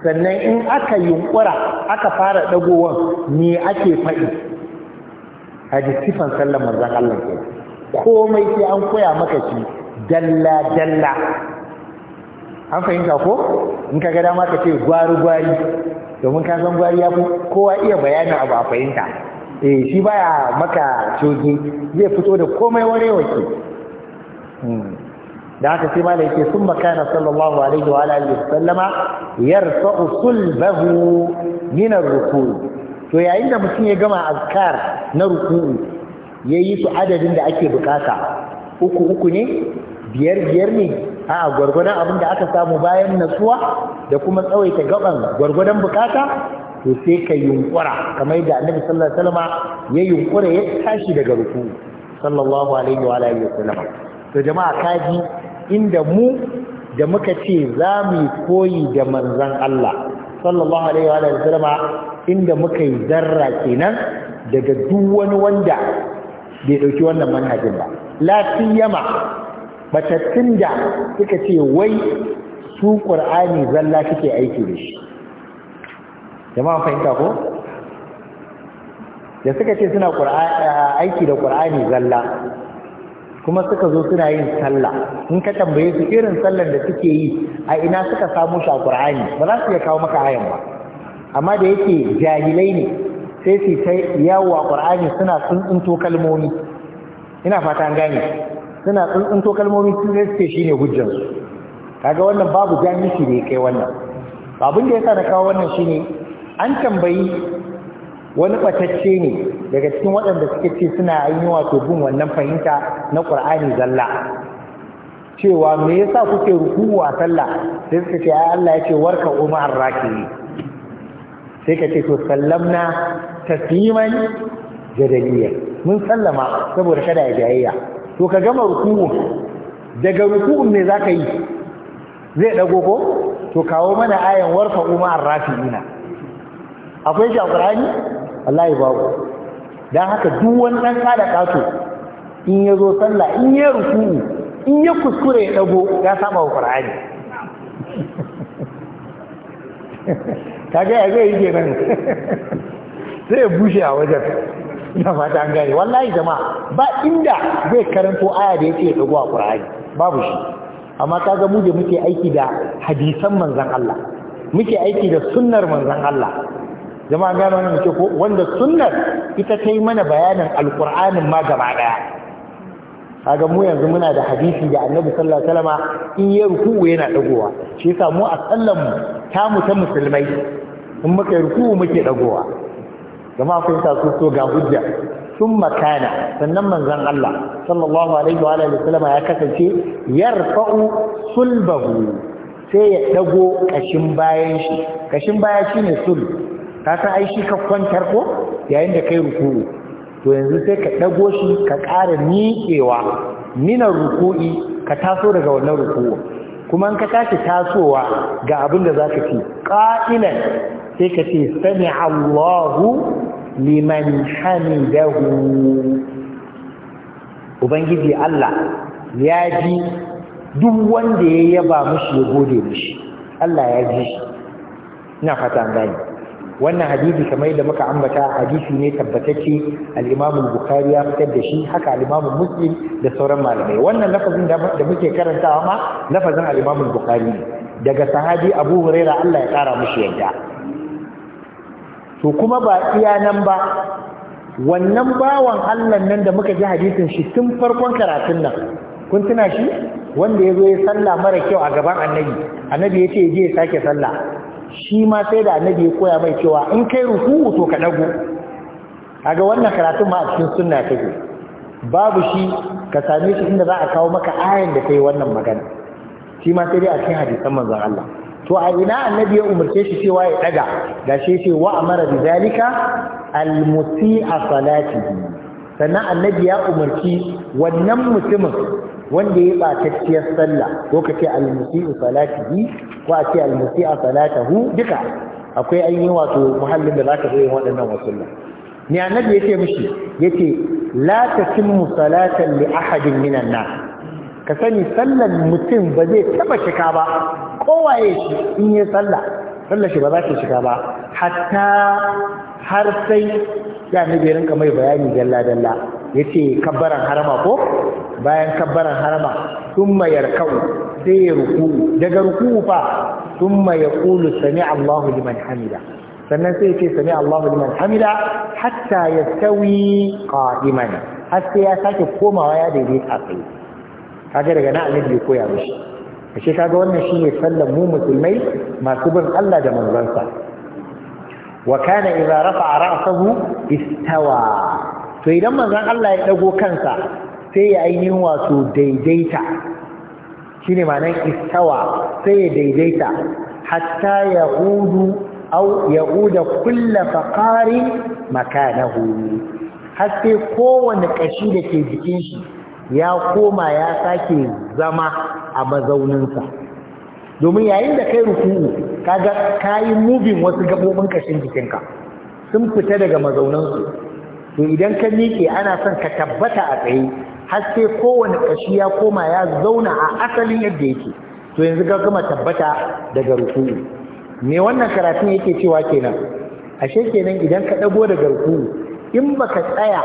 sannan in aka yunkura aka fara dagowan me ake faɗi hadisifan sallar manza Allah ke komai sai an koya maka shi dalla dalla an fahimta ko in ka ga dama ka ce gwari gwari domin ka gwari ya fi kowa iya bayanin abu a fahimta eh shi baya maka coji zai fito da komai wani wake hmm. da haka sai malai ce sun makana sallallahu alaihi wa alihi wasallama yarfa'u sulbahu min ar-ruku to yayin da mutum ya gama azkar na ruku yayi su adadin da ake bukata uku uku ne biyar biyar ne a gwargwadon abin da aka samu bayan natsuwa da kuma tsawaita gaban gwargwadon bukata to sai ka yunkura kamar da annabi sallallahu alaihi wasallam ya yunkura ya tashi daga ruku sallallahu alaihi wa alihi wasallam to jama'a kaji inda mu da muka ce za mu koyi da manzon Allah sallallahu alaihi wa alihi wasallam inda muka yi zarra kenan daga duk wani wanda bai dauki wannan manhajin ba la siyama batattun da suka ce wai su qur'ani zalla kike aiki da shi jama'a fahimta ko da suka ce suna eh, aiki da ƙur'ani zalla kuma suka zo suna yin sallah in ka tambaye su irin sallar da suke yi a ina suka samu shi a ƙur'ani ba za su iya kawo maka hayan ba amma da yake jahilai ne sai su ta yawo a ƙur'ani suna tsuntsunto kalmomi ina fata an gane suna tsuntsunto kalmomi sun zai suke shi ne hujjansu kaga wannan babu jahilci da ya kai wannan abin da ya sa na kawo wannan shi ne. an tambayi wani batacce ne daga cikin waɗanda suke ce suna ainihin wato bin wannan fahimta na ƙur'ani zalla cewa me yasa kuke ruku'u a sallah sai suka ce ai Allah ya ce warka umar raki sai ka ce to sallamna tasliman jadaliya mun sallama saboda kada ya jayayya to ka gama ruku'u daga ruku'un ne zaka yi zai dago ko to kawo mana ayan warka umar rafi'ina akwai shi a ƙur'ani wallahi babu dan haka duk wani ɗan kada kato in ya zo sallah in ya rufu in ya kuskure ya ɗago ya saba wa ƙur'ani ta [LAUGHS] gaya zai yi kenan [LAUGHS] sai ya bushe a wajen na fata an gani wallahi jama'a ba inda zai karanto aya da yake ya dago a ƙur'ani babu shi amma kaga mu da muke aiki da hadisan manzan Allah muke aiki da sunnar manzan Allah zama gano wannan muke ko wanda sunnar ita ta yi mana bayanin alkur'anin ma gaba ɗaya. kaga mu yanzu muna da hadisi da annabi sallallahu alaihi wasallam in ya ruku yana dagowa shi yasa mu a sallan mu ta mu ta musulmai in muka yi ruku muke dagowa jama'a kun sa su so ga hujja ثم كان sannan زن allah صلى الله عليه وآله وسلم يا كسنتي يرفع صلبه sai ya dago kashin bayan shi kashin baya shine sul ka san ai shi ka kwantar ko yayin da kai ruku'u to yanzu sai ka dago shi ka ƙara miƙewa minar ruku'i ka taso daga wannan ruku'u kuma in ka tashi tasowa ga abin da zaka ci qa'ilan sai ka ce sami Allahu liman hamidahu ubangiji Allah ya ji duk wanda ya yaba mushi ya gode mushi Allah ya ji ina fata gani wannan hadisi kamar da muka ambata hadisi ne tabbatacce al-Imam al-Bukhari ya fitar da shi haka al-Imam Muslim da sauran malamai wannan lafazin da muke karantawa ma lafazin al-Imam al-Bukhari daga sahabi Abu Huraira Allah ya kara mushi yadda to kuma ba iya nan ba wannan bawan Allah nan da muka ji hadisin shi tun farkon karatun nan kun tuna shi wanda ya zo ya salla mara kyau a gaban annabi annabi ya ce je ya sake sallah shi ma sai da annabi ya koya mai cewa in kai ruku'u to ka dago kaga wannan karatun ma a cikin sunna take babu shi ka same shi inda za a kawo maka ayan da kai wannan magana shi ma sai dai a cikin hadisan manzon Allah to a ina annabi ya umarce shi cewa ya daga shi ce wa amara bi zalika al musi'a salatihi sannan annabi ya umarci wannan mutumin wanda ya batacciyar sallah ko ka ce almusi'u salatihi ko a ce salata hu duka akwai ainihin wato muhallin da zaka zo yin waɗannan wasulla ne annabi yace mishi yace la tatimmu salatan li ahadin minan nas ka sani sallan mutum ba zai taba shiga ba kowaye shi in yi sallah sallar shi ba za ta shiga ba hatta har sai ya nabi rinka mai bayani dalla dalla yace kabbaran harama ko bayan kabbaran harama thumma yarkau sai ya ruku daga ruku fa thumma yaqulu sami Allahu liman hamida sannan sai yace sami Allahu liman hamida hatta yastawi qa'iman har sai ya sake komawa ya daidaita tsaye kaga daga na annabi ya koya mishi ashe kaga wannan shine sallan mu musulmai masu bin Allah da manzansa wa kana idza rafa'a ra'sahu istawa to idan manzon Allah ya dago kansa sai ya ainihin wato daidaita shine ma'anar istawa sai ya daidaita hatta ya hudu au ya huda kulla faƙarin makanahu har sai kowane ƙashi da ke jikin shi ya koma ya sake zama a mazauninsa domin yayin da kai ruku'u kaga kayi mubin wasu gabobin ƙashin jikinka sun fita daga mazauninsu to idan ka miƙe ana son ka tabbata a tsaye har sai kowane ƙashi ya koma ya zauna a asalin yadda yake to yanzu ka gama tabbata daga ruku'u me wannan karatun yake cewa kenan ashe kenan idan ka ɗago daga ruku'u in baka tsaya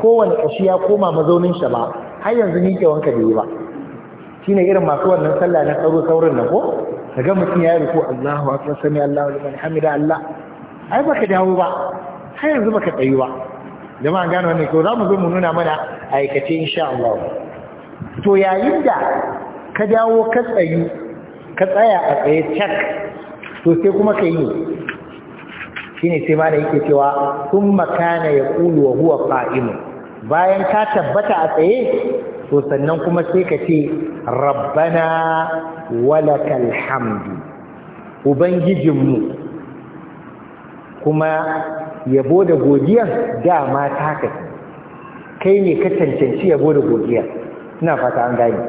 kowane ƙashi ya koma mazaunin shi ba har yanzu miƙe wanka da yi ba shine irin masu wannan sallah na tsaro saurin nan ko kaga mutum ya ruku Allahu akbar sami Allahu liman hamida Allah ai baka dawo ba har yanzu baka tsayu ba ma gano wannan ko za mu zo mu nuna mana aikace insha Allah to yayin da ka dawo ka tsayi ka tsaya a tsaye cak to sai kuma ka yi shine sai mana yake cewa makana ya kulu wa huwa qa'im bayan ka tabbata a tsaye to sannan kuma sai ka ce rabbana walakal hamdu ubangijinmu kuma yabo da godiyar dama ta kai kai ne ka cancanci yabo da godiyar ina fata an gani.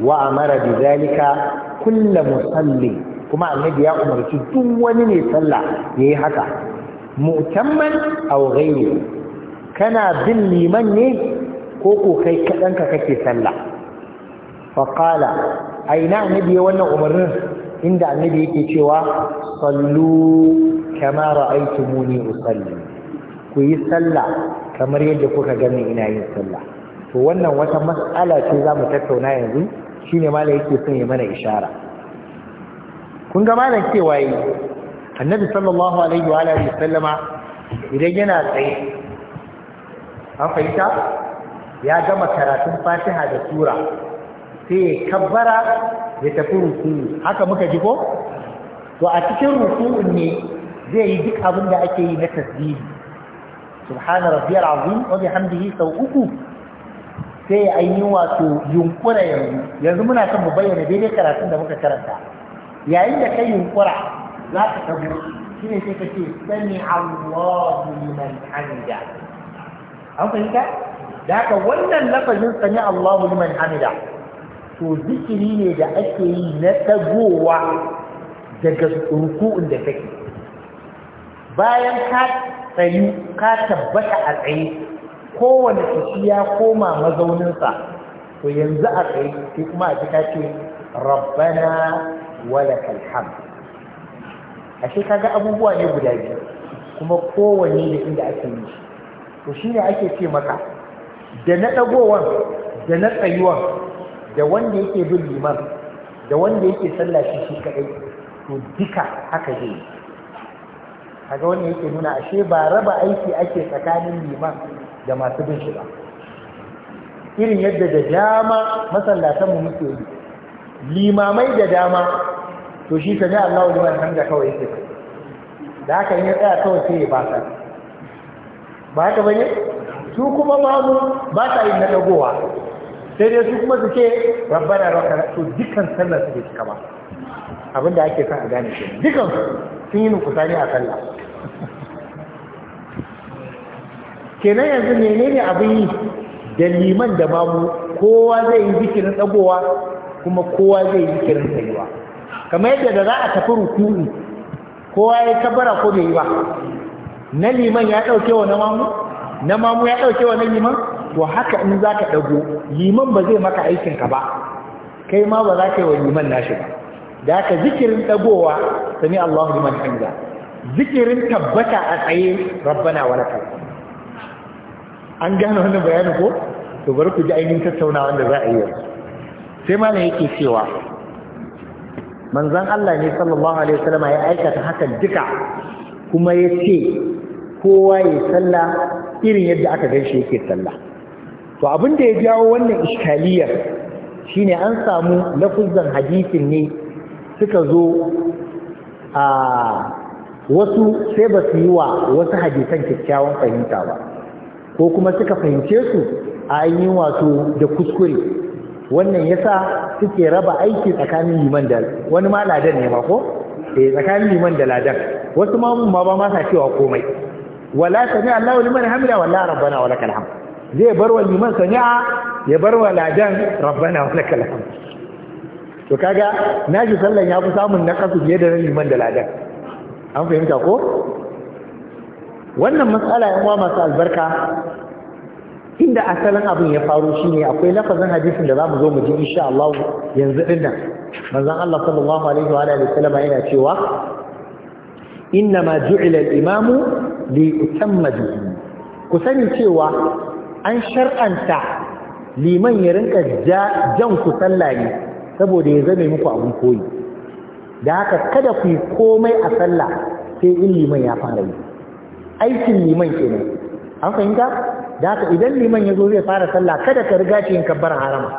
wa amara bi zalika kullu musalli kuma annabi ya umarci duk wani ne sallah yayi haka mu'tamman aw ghayri kana bin liman ne ko ko kai kaɗanka kake sallah fa qala aina annabi wannan umarnin inda annabi yake cewa sallu kama ra'aytumuni usalli ku yi sallah kamar yadda kuka gani ina yin sallah to wannan wata mas'ala ce zamu tattauna yanzu shine malam yake son ya mana ishara kun ga malam cewa yi annabi sallallahu alaihi wa alihi sallama idan yana tsaye an fahimta ya gama karatun fatiha da sura sai ya kabbara ya tafi ruku'u haka muka ji ko to a cikin ruku'un ne zai yi duk abin da ake yi na tasbihi subhana rabbiyal azim wa bihamdihi sau uku sai ya yi wato yunkura yanzu yanzu muna son mu bayyana daidai karatun da muka karanta yayin da kai yunkura za ka tabu shi ne sai ka ce sami Allahu liman hamida an fahimta da haka wannan lafazin sami Allahu liman hamida to zikiri ne da ake yi na ɗagowa daga ruku'un da take bayan ka tsayu ka tabbata a tsaye kowane kashi ya koma mazauninsa to yanzu a tsaye sai kuma a ji ka ce rabbana wala kalham ashe kaga abubuwa ne guda biyu kuma kowane da inda ake yi to shine ake ce maka da na ɗagowan da na tsayuwan da wanda yake bin liman da wanda yake sallah shi shi kadai to duka haka zai yi kaga wanda yake nuna ashe ba raba aiki ake tsakanin liman da masu bin shi ba irin yadda da dama masallatan mu muke yi limamai da dama to shi sami Allahu liman da kawai yake da haka in ya tsaya kawai sai ya basa ba haka bane su kuma mu ba sa yin na dagowa sai dai su kuma su ce rabbana raka su dukkan sallar su bai cika ba abin da ake sa a gane shi dukkan sun yi ne a sallah kenan yanzu menene abin yi da liman da mamu kowa zai yi zikirin dagowa kuma kowa zai yi zikirin tsayuwa kamar yadda da za a tafi rukuni kowa ya kabara ko bai yi ba na liman ya ɗauke wa na mamu na mamu ya ɗauke wa na liman to haka in za ka ɗago liman ba zai maka aikinka ba kai ma ba za ka yi wa liman nashi ba da haka zikirin ɗagowa sami Allahu liman hanga. zikirin tabbata a tsaye rabbana wa lakal an gane wannan bayani ko to bari ku ji ainihin tattaunawa da za a yi sai malam yake cewa manzon Allah ne sallallahu alaihi wasallam ya aikata hakan duka kuma ya ce kowa ya sallah irin yadda aka gaishe yake sallah to abin da ya jawo wannan iskaliyar shine an samu lafuzan hadisin ne suka zo a wasu sai ba su yi wa wasu hadisan kyakkyawan fahimta ba ko kuma suka fahimce su a ainihin wato da kuskure wannan yasa suke raba aiki tsakanin liman da wani ma ladan ne ma ko eh tsakanin liman da ladan wasu ma mun ma ba ma sa cewa komai wala sami Allahu liman hamida wala rabbana wa lakal hamd zai bar wa liman sani'a ya bar wa ladan rabbana wa lakal hamd to kaga ji sallan ya fi samun kasu fiye da liman da ladan an fahimta ko wannan matsala yan uwa masu albarka inda asalin abin ya faru shine akwai lafazin hadisin da zamu zo mu ji insha Allah yanzu din nan manzon Allah sallallahu alaihi wa alihi wasallam yana cewa inna ma ju'ila al-imamu li yutamma ku sani cewa an shar'anta liman ya rinka jan ku sallah ne saboda ya zame muku abin koyi da haka kada ku yi komai a sallah sai in liman ya fara yi aikin liman ke ne, an fahimta da haka idan liman ya zo zai fara sallah kada ka riga shi yin kabbar harama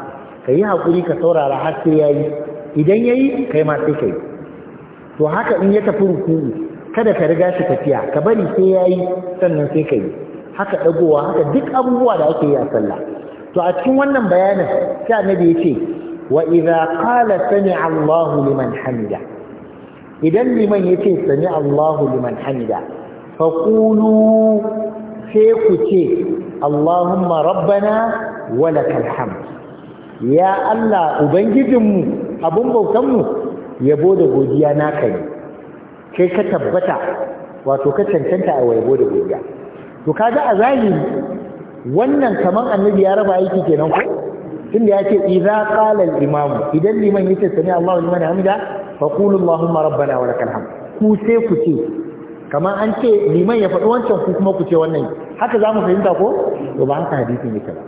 ka yi haƙuri ka saurara har sai ya yi idan ya yi kai ma sai ka yi to haka in ya tafi ruku'u kada ka riga shi tafiya ka bari sai ya yi sannan sai ka yi haka dagowa haka duk abubuwa da ake yi a sallah to a cikin wannan bayanin sai annabi ya ce wa idza qala sami'a Allahu liman hamida idan liman ce sami'a Allahu liman hamida fa qulu sai ku ce Allahumma rabbana wa lakal hamd ya Allah ubangijinmu abun bautanmu yabo da godiya naka ne kai ka tabbata wato ka cancanta a yabo da godiya to kaga a zahiri wannan kaman annabi ya raba aiki kenan ko tunda ya ce idza qala al imam idan liman yace sami Allahu liman hamida fa qul Allahumma rabbana wa lakal hamd ku sai ku ce kaman an ce liman ya faɗi wancan ku kuma ku ce wannan haka zamu fahimta ko to ba haka hadisin yake ba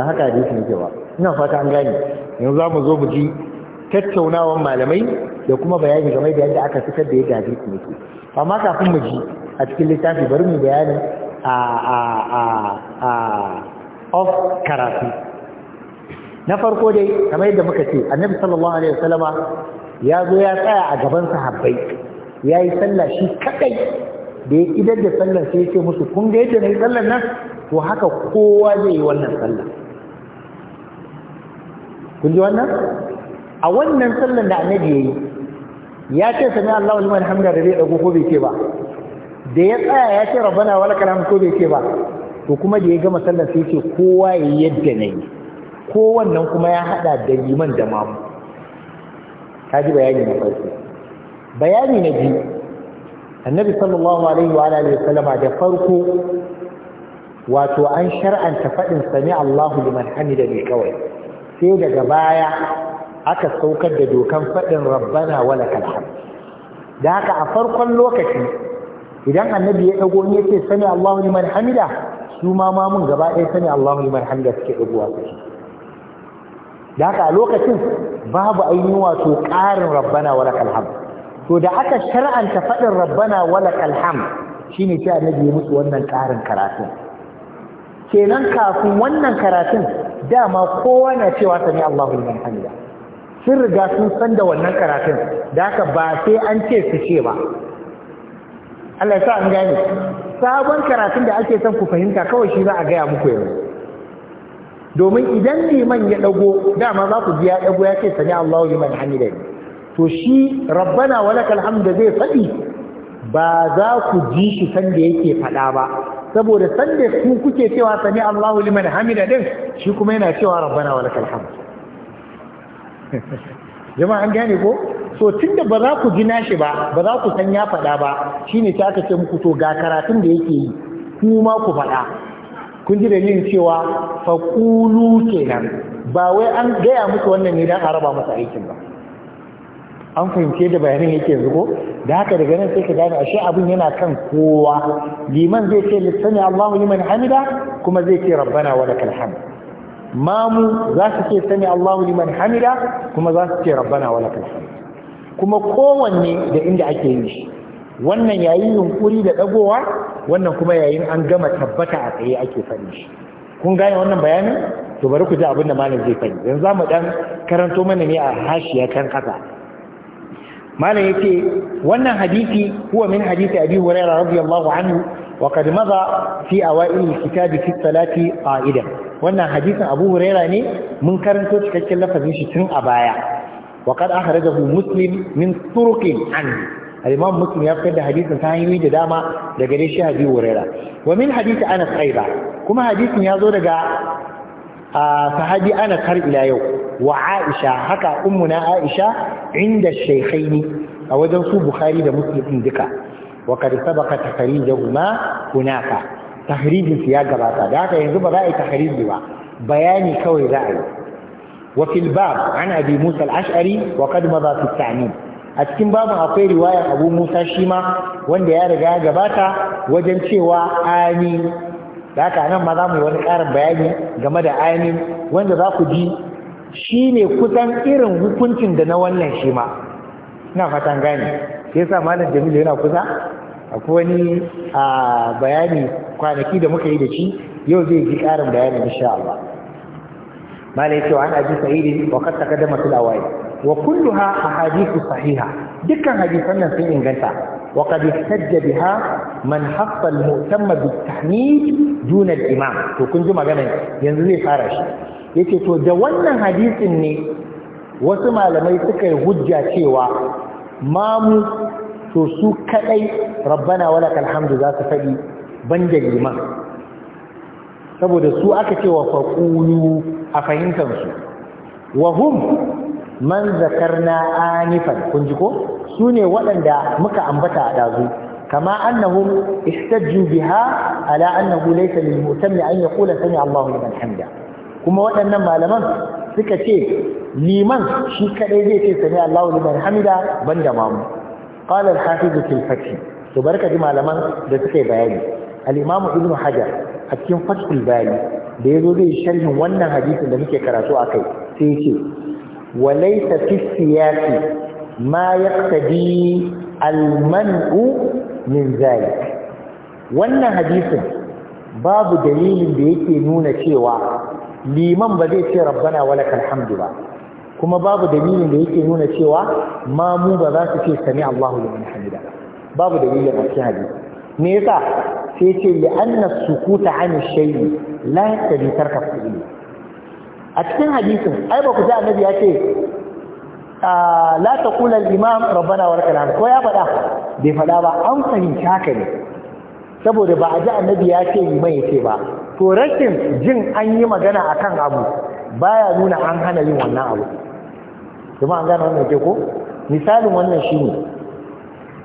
ba haka hadisin yake ba ina fata an gane yanzu zamu zo mu ji tattaunawan malamai da kuma bayani game da yadda aka fitar da yadda hadisin yake amma kafin mu ji a cikin littafi bari mu bayanin a a a a of karatu na farko dai kamar yadda muka ce annabi sallallahu alaihi wasallama ya zo ya tsaya a gaban sahabbai ya yi sallah shi kadai da ya idar da sallar sai ya ce musu kun ga yadda nayi sallar nan to haka kowa zai yi wannan sallar. kun ji wannan a wannan sallar da annabi ya yi ya ce sami Allahu liman hamda da zai dago ko bai ce ba da ya tsaya ya ce rabana wala kalam ko bai ce ba to kuma da ya gama sallar sai ce kowa ya yadda nayi ko wannan kuma ya haɗa da liman da mamu Ta ji bayani na farko bayani na biyu annabi sallallahu alaihi wa alihi da farko wato an shar'anta faɗin sami Allahu liman hamida ne kawai sai daga baya aka saukar da dokan faɗin rabbana wa da haka a farkon lokaci idan annabi ya dago ne sani sami Allahu liman hamida su ma mamun gaba ɗaya sani Allahu liman hamida suke dagowa suke da haka a lokacin babu ainihin wato ƙarin rabbana wa lakal hamd to da aka shar'anta faɗin rabbana wa lakal hamd shine sai annabi ya musu wannan ƙarin karatun kenan kafin wannan karatun dama kowa na cewa sami Allahu liman hamida sun riga sun san da wannan karatun da haka ba sai an ce su ce ba Allah ya sa an gane sabon karatun da ake son ku fahimta kawai shi za a gaya muku yanzu domin idan liman ya dago dama za ku biya ya dago ya ce sani Allahu liman hamida to shi rabbana walakal hamdu zai faɗi ba za ku ji shi sanda yake faɗa ba saboda sanda ku kuke cewa sani Allahu liman hamida din shi kuma yana cewa rabbana walakal hamdu jama'a an gane ko so tunda ba za ku ji nashi ba ba za ku san ya faɗa ba shine ta aka ce muku to ga karatun da yake yi ku ma ku faɗa kun ji dalilin cewa faƙulu kenan ba wai an gaya musu wannan ne don a raba masa aikin ba an fahimce da bayanin yake yanzu ko da haka daga nan sai ka gane ashe abin yana kan kowa liman zai ce lissani Allahu liman hamida kuma zai ce rabbana wa lakal hamd mamu za su ce sami Allahu liman hamida kuma za su ce rabbana wa lakal kuma kowanne da inda ake yi shi wannan yayin yunkuri da dagowa wannan kuma yayin an gama tabbata a tsaye ake faɗi shi kun gane wannan bayanin to bari ku ji abin da malam zai faɗi yanzu zamu dan karanto mana ne a hashiya kan kasa malam yace wannan hadisi huwa min hadisi abi hurairah radiyallahu anhu وقد مضى في أوائل الكتاب في الصلاة قائدا wannan hadisin abu huraira ne mun karanto cikakken lafazin shi tun a baya wa kad akhrajahu muslim min turuqin an al-imam muslim ya fitar hadisin ta hanyoyi da dama daga dai shi abu huraira wa min hadisi anas aiba kuma hadisin ya zo daga sahabi anas har ila yau wa aisha haka ummuna aisha inda shaykhaini a wajen su bukhari da muslim duka wa kad sabaqa takharijahuma hunaka tahrijin ya gabata da haka yanzu ba za a yi tahriji ba bayani kawai za a yi wa fil bab an abi musa al-ash'ari wa qad madha fi ta'min a cikin babun akwai riwayar abu musa shima wanda ya riga ya gabata wajen cewa amin da haka nan ma za mu yi wani ƙarin bayani game da amin wanda za ku ji shine kusan irin hukuncin da na wannan shi ma ina fatan gane shi yasa malam jamilu yana kusa akwai wani a bayani kwanaki da muka yi da shi yau zai ji ƙarin bayani sha Allah mala yake wa an abi sa'id wa qad taqaddama fil lawaye wa kullu ha a hadisu sahiha dukkan hadisan nan sun inganta wa qad ihtajja biha man haffa al mu'tam bit tahmid dun imam to kun ji magana yanzu zai fara shi yake to da wannan hadisin ne wasu malamai suka yi hujja cewa mamu to su kadai rabbana wala alhamdu za su faɗi banda liman saboda su aka ce wa faƙulu a fahimtansu wa hum man zakarna anifan kun ji ko su ne waɗanda muka ambata a ɗazu kama annahum ihtajju biha ala annahu laysa lil mu'tammi an yaqula sami Allahu liman hamda kuma waɗannan malaman suka ce liman shi kadai zai ce sami Allahu liman hamda banda mamu قال Hafizu في الفتح barka ji معلمان da suke bayani al-imam ibn hajar a cikin fathul bari da zo zai sharhin wannan hadisin da muke karatu akai sai ce, walaysa fi siyasi ma al-man'u min zalik wannan hadisin babu dalilin da yake nuna cewa liman ba zai ce rabba na walakal hamdu ba kuma babu dalilin da yake nuna cewa ma mu ba za su ce sami Allahu wani hamida babu dalilin a cikin hadisi me yasa sai ce li anna sukuta an shay'i la yaqtadi tarka fi'li a cikin hadisin ai ba ku ji annabi ya ce la taqula al imam rabbana wa lakal hamd ko ya faɗa bai faɗa ba an fahimci haka ne saboda ba a ji annabi ya ce liman ya ce ba to rashin jin an yi magana akan abu baya nuna an hana yin wannan abu kuma an gane wannan ke ko misalin wannan shi ne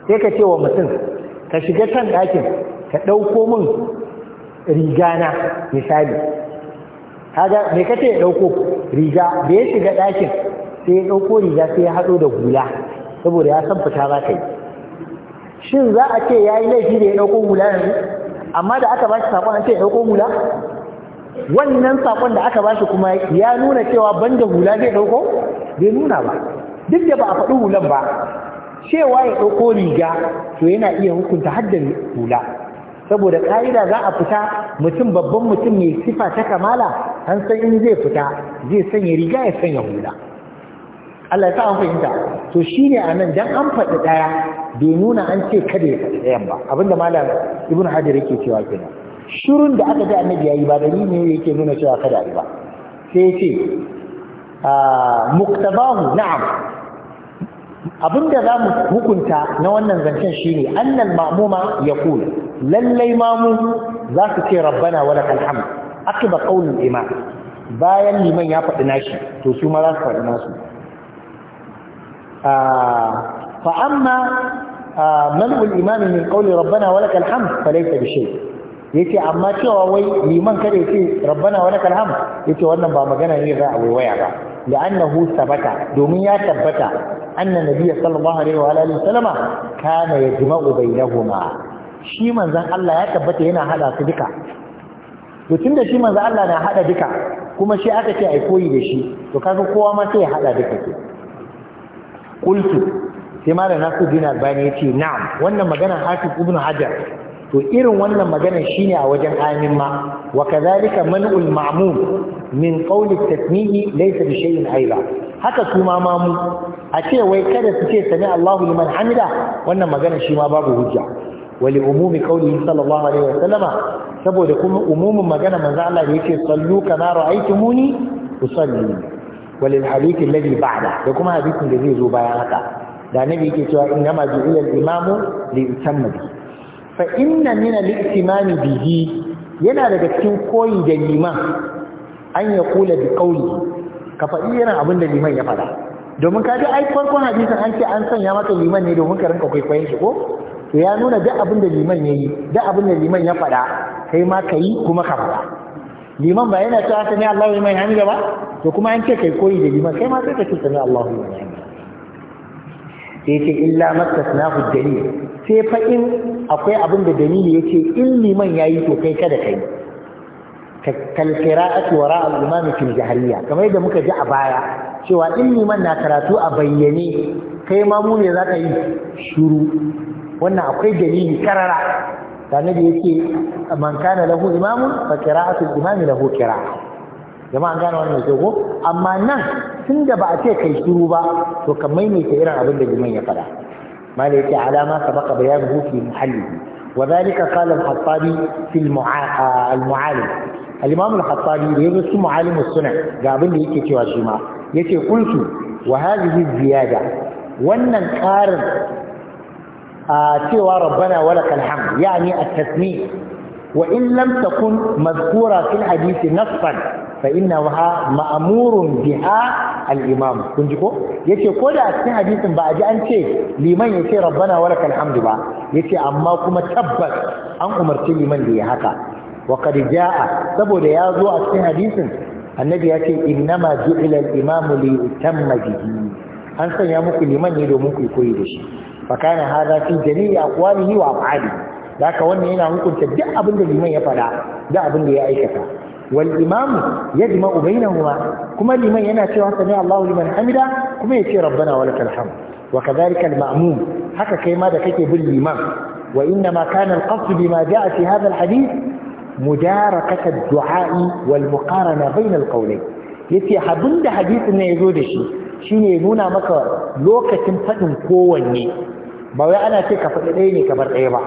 sai ka ce wa mutum ka shiga kan ɗakin ka ɗauko min rigana misali kaga ka ce ya ɗauko riga da ya shiga ɗakin sai ya ɗauko riga sai ya haɗo da hula saboda ya san fita za ka yi shin za a ce ya yi laifi da ya ɗauko hula yanzu amma da aka ba shi saƙon an ce ya ɗauko hula wannan sakon da aka bashi kuma ya nuna cewa banda hula zai dauko bai nuna ba duk da ba a faɗi hulan ba cewa ya dauko riga to yana iya hukunta haddan hula saboda ka'ida za a fita mutum babban mutum mai sifa ta kamala an san in zai fita zai sanya riga ya sanya hula Allah ya sa an fahimta to shine anan dan an faɗi ɗaya bai nuna an ce kada ya faɗi ba abinda malam ibnu hajar yake cewa kenan shirin da aka ji annabi yayi ba dalili ne yake nuna cewa kada yi ba sai ya ce ah, muktabahu na'am abinda za mu hukunta na wannan zancen shi ne, annan ma'muma yaqul lallai mamu za su ce rabbana wa lakal hamd ba qaulul imam bayan liman ya faɗi nashi to su ma za su faɗi nasu ah, fa amma ah, man ul imam min qauli rabbana wa lakal hamd falaysa bi shay' yace amma cewa wai liman kada yace rabbana wa lakal hamd yace wannan ba magana ne za a waya ba da annahu sabata domin ya tabbata anna nabiyyi sallallahu alaihi wa alihi wasallama kana yajma'u bainahuma shi manzon Allah ya tabbata yana hada su duka to tunda shi manzon Allah na hada duka kuma shi aka ce ai koyi da shi to kaga kowa ma sai ya hada duka ke qultu sai malam Nasiruddin Albani yace na'am wannan magana Hafiz Ibn Hajar to irin wannan magana shine a wajen amin ma wa kadhalika man'ul ma'mum min qawli tasmihi laysa bi shay'in aiba haka kuma ma mu a ce wai kada su ce sami Allahu liman hamida wannan magana shi ma babu hujja wa li umumi qawlihi sallallahu alaihi wa sallama saboda kuma umumin magana manzo Allah da yake sallu kama ra'aytumuni usalli walil hadithi alladhi ba'da da kuma hadisin da zai zo baya haka da nabi yake cewa ma ju'ila al-imamu li yutamma fa inna min al-ihtimami bihi yana daga cikin koyi da liman an ya kula bi kauli ka faɗi yana abin da liman ya faɗa domin ka ji ai farkon hadisin an ce an sanya maka liman ne domin ka rinka kwaikwayon shi ko to ya nuna duk abin da liman ya yi duk abin da liman ya faɗa kai ma ka yi kuma ka faɗa liman ba yana cewa sami Allahu liman hamida ba to kuma an ce kai koyi da liman kai ma sai ka ce sami Allahu liman hamida sai ce illa na dalil sai fa in akwai abin da dalili ce in liman yayi to kai kada kai kal qira'atu wara al imam fil jahriya kamar yadda muka ji a baya cewa in liman na karatu a bayyane kai ma mu ne zaka yi shiru wannan akwai dalili karara da yake man kana lahu imamu fa qira'atu al imam lahu qira'a jama'a gane wannan ko amma nan tunda ba a ce kai shiru ba to mai maimaita irin abin da liman ya fada ما ليس على ما سبق بيانه في محله وذلك قال الحطابي في المعا... المعالم الإمام الحطابي بيدرس معالم السنة قابل لي كي تواشيما يتي قلت وهذه الزيادة وأن قارن آه سوى ربنا ولك الحمد يعني التسمية wa in lam takun mazkura fil hadisi nasfan fa inna waha ma'amurun biha al imam kun ji ko yace ko da cikin hadisin ba a ji an ce liman yace rabbana walakal hamdu ba Ya ce amma kuma tabbas an umarci liman da ya haka wa qad saboda ya zo a cikin hadisin annabi yace innama ju'ila al imam li yutamma an sanya muku liman ne domin ku yi koyi da shi fa kana hadha fi jami'i aqwalihi wa af'alihi da haka wannan yana hukunta duk abin da liman ya faɗa da abin da ya aikata wal imam yajma'u bainahuma kuma liman yana cewa sami Allahu liman hamida kuma ya ce rabbana walakal hamd wa kadhalika al ma'mum haka kai ma da kake bin liman wa inna ma kana al qasd bima ja'a fi hadha al hadith mudarakata ad du'a wal muqarana bain al qawlayn yace abin da hadisin ne yazo da shi shine ya nuna maka lokacin faɗin kowanne ba wai ana ce ka faɗi ɗaya ne ka bar ɗaya ba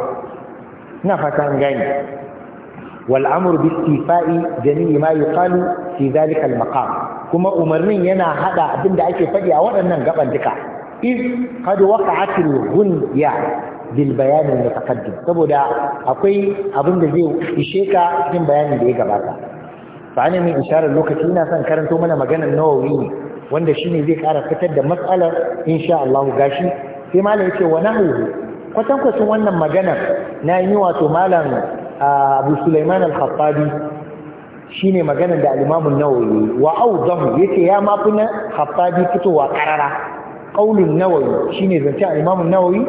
ina fatan gani gane wal amru bi istifa'i jami'i ma yuqalu fi dhalika al maqam kuma umarnin yana hada abinda ake faɗi a waɗannan gaban duka iz qad waqa'at al ghunya bil bayan al mutaqaddim saboda akwai abinda zai ishe ka cikin bayanin da ya gabata fa ana min isharar lokaci ina son karanto mana maganar nawawi ne wanda shine zai ƙara fitar da matsalar insha Allah gashi sai malam yace wa nahu kwatankwacin wannan magana na yi wato malam abu Suleiman al-khattabi shine maganar da al-imamun nawawi wa ya yace ya mafi na khattabi fitowa karara qaulun nawawi shine zance al-imamun nawawi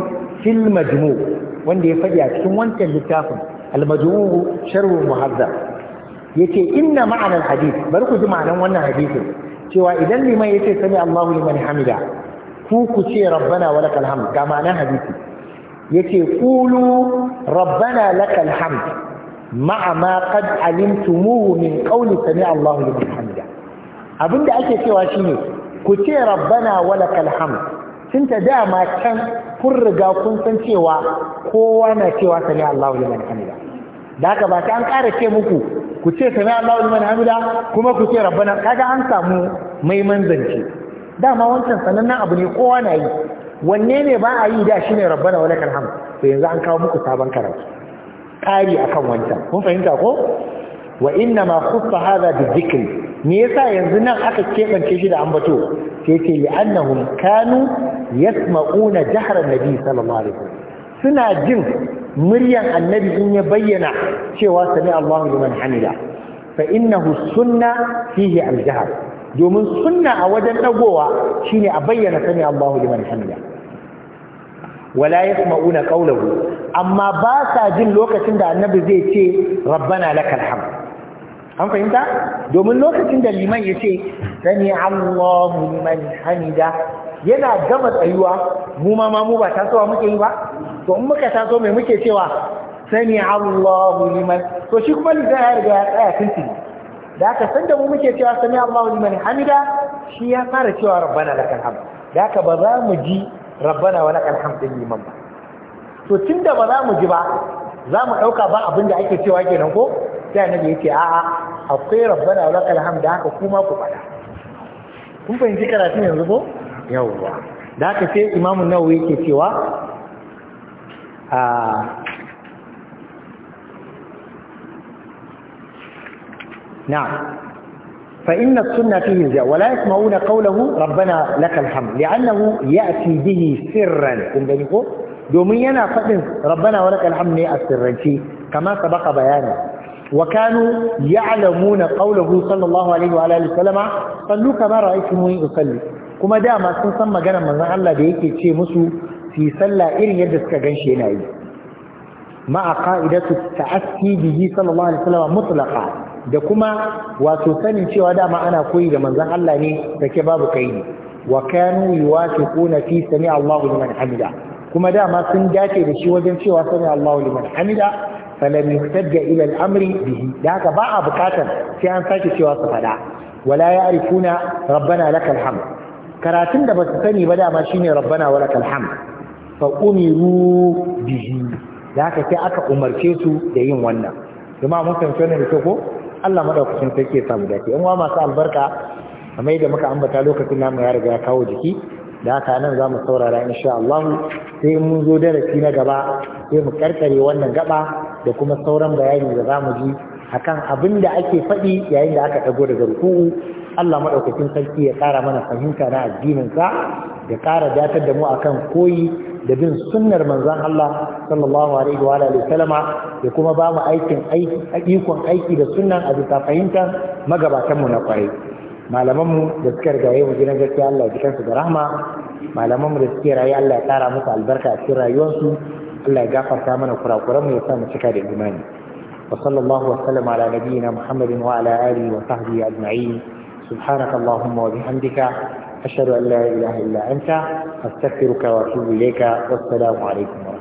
fil majmu wanda ya faɗi a cikin wancan littafin al-majmu sharh muhazzab yace inna ma'anar hadith bari ku ji ma'anar wannan hadisin cewa idan liman ce sami Allahu liman hamida ku ku ce rabbana walakal hamd ga ma'anar hadisi yake kulu rabbana lakal hamd ma'a ma qad alimtumuhu min qawli sami Allahu liman hamida abinda ake cewa shine ku ce rabbana walakal hamd tun ta dama can kun riga kun san cewa kowa na cewa sami Allahu liman hamida da haka ba ta an ƙara ce muku ku ce sami Allahu liman hamida kuma ku ce rabbana kaga an samu mai manzanci dama wancan sanannen abu ne kowa na yi wanne ne ba a yi da shine rabbana wa lakal hamd to yanzu an kawo muku sabon karatu ƙari akan wancan kun fahimta ko wa inna ma khuffa hadha bi dhikri me yasa yanzu nan aka kebance shi da ambato sai ce li annahum kanu yasma'una jahra nabi sallallahu alaihi wasallam suna jin muryan annabi in ya bayyana cewa sami Allahu liman hamida fa innahu sunna fihi al-jahr domin sunna a wajen dagowa shine a bayyana sami Allahu liman hamida wala yasma'una qawluhu amma ba sa jin lokacin da annabi zai ce rabbana lakal ham an fahimta domin lokacin da liman yace sami Allahu liman hamida yana gama tsayuwa mu ma mu ba tasowa muke yi ba to in muka taso mai muke cewa sami Allahu liman to shi kuma liza ya riga ya tsaya tintin da aka san da mu muke cewa sami Allahu liman hamida shi ya fara cewa rabbana lakal ham da aka ba za mu ji rabbana wa lakal hamd din liman ba to tunda ba za mu ji ba za mu ɗauka ba abin da ake cewa kenan ko sai annabi yace a'a akwai rabbana wa lakal hamd haka kuma ku faɗa kun fahimci karatun yanzu ko yawwa da haka sai imamun nawawi yake cewa a na'am فإن السنة فيه الجاء ولا يسمعون قوله ربنا لك الحمد لأنه يأتي به سرا كن بنيكو دومينا فإن ربنا ولك الحمد السرا شيء كما سبق بيانه وكانوا يعلمون قوله صلى الله عليه وعلى آله وسلم صلوا كما رأيتموني أصلي كما داما سنسان مغانا من الله بيكي شيء مسو في صلى إرن يدسك غنشي نائي مع قائدة التأسي به صلى الله عليه وسلم مطلقا da kuma wato sanin cewa dama ana koyi da manzan Allah ne take babu kaini wa kanu yuwafiquna fi sami Allahu liman hamida kuma dama sun dace da shi wajen cewa sani Allahu liman hamida falam yuhtadda ila al-amri bihi da haka ba a bukatar sai an sake cewa su fada wala ya'rifuna rabbana lakal hamd karatun da basu sani ba dama shine rabbana wa lakal hamd fa umiru bihi da haka sai aka umarce su da yin wannan kuma mun fahimci wannan ko Allah madaukakin sarki ya samu dace in wa masu albarka mai da muka ambata lokacin namu ya riga ya kawo jiki da haka nan zamu mu saurara insha Allah sai mun zo darasi na gaba sai mu karkare wannan gaba da kuma sauran bayani da zamu ji akan abin da ake faɗi yayin da aka ɗago daga ruku'u Allah maɗaukacin sarki ya kara mana fahimta na addinin sa ya ƙara datar da mu akan koyi da bin sunnar manzon Allah sallallahu alaihi wa alihi sallama da kuma ba mu aikin ikon aiki da sunnan a bisa fahimtar magabatan mu na kwarai malaman mu da suka rigaye mu gidan gaskiya Allah ya kansu da rahma malaman mu da suke rayu Allah ya kara musu albarka a cikin rayuwarsu Allah ya gafarta mana kurakuran mu ya sa mu cika da imani wa sallallahu wa sallam ala nabiyyina Muhammadin wa ala alihi wa sahbihi ajma'in subhanakallahumma wa bihamdika أشهد أن لا إله إلا أنت أستغفرك وأتوب إليك والسلام عليكم ورحمة الله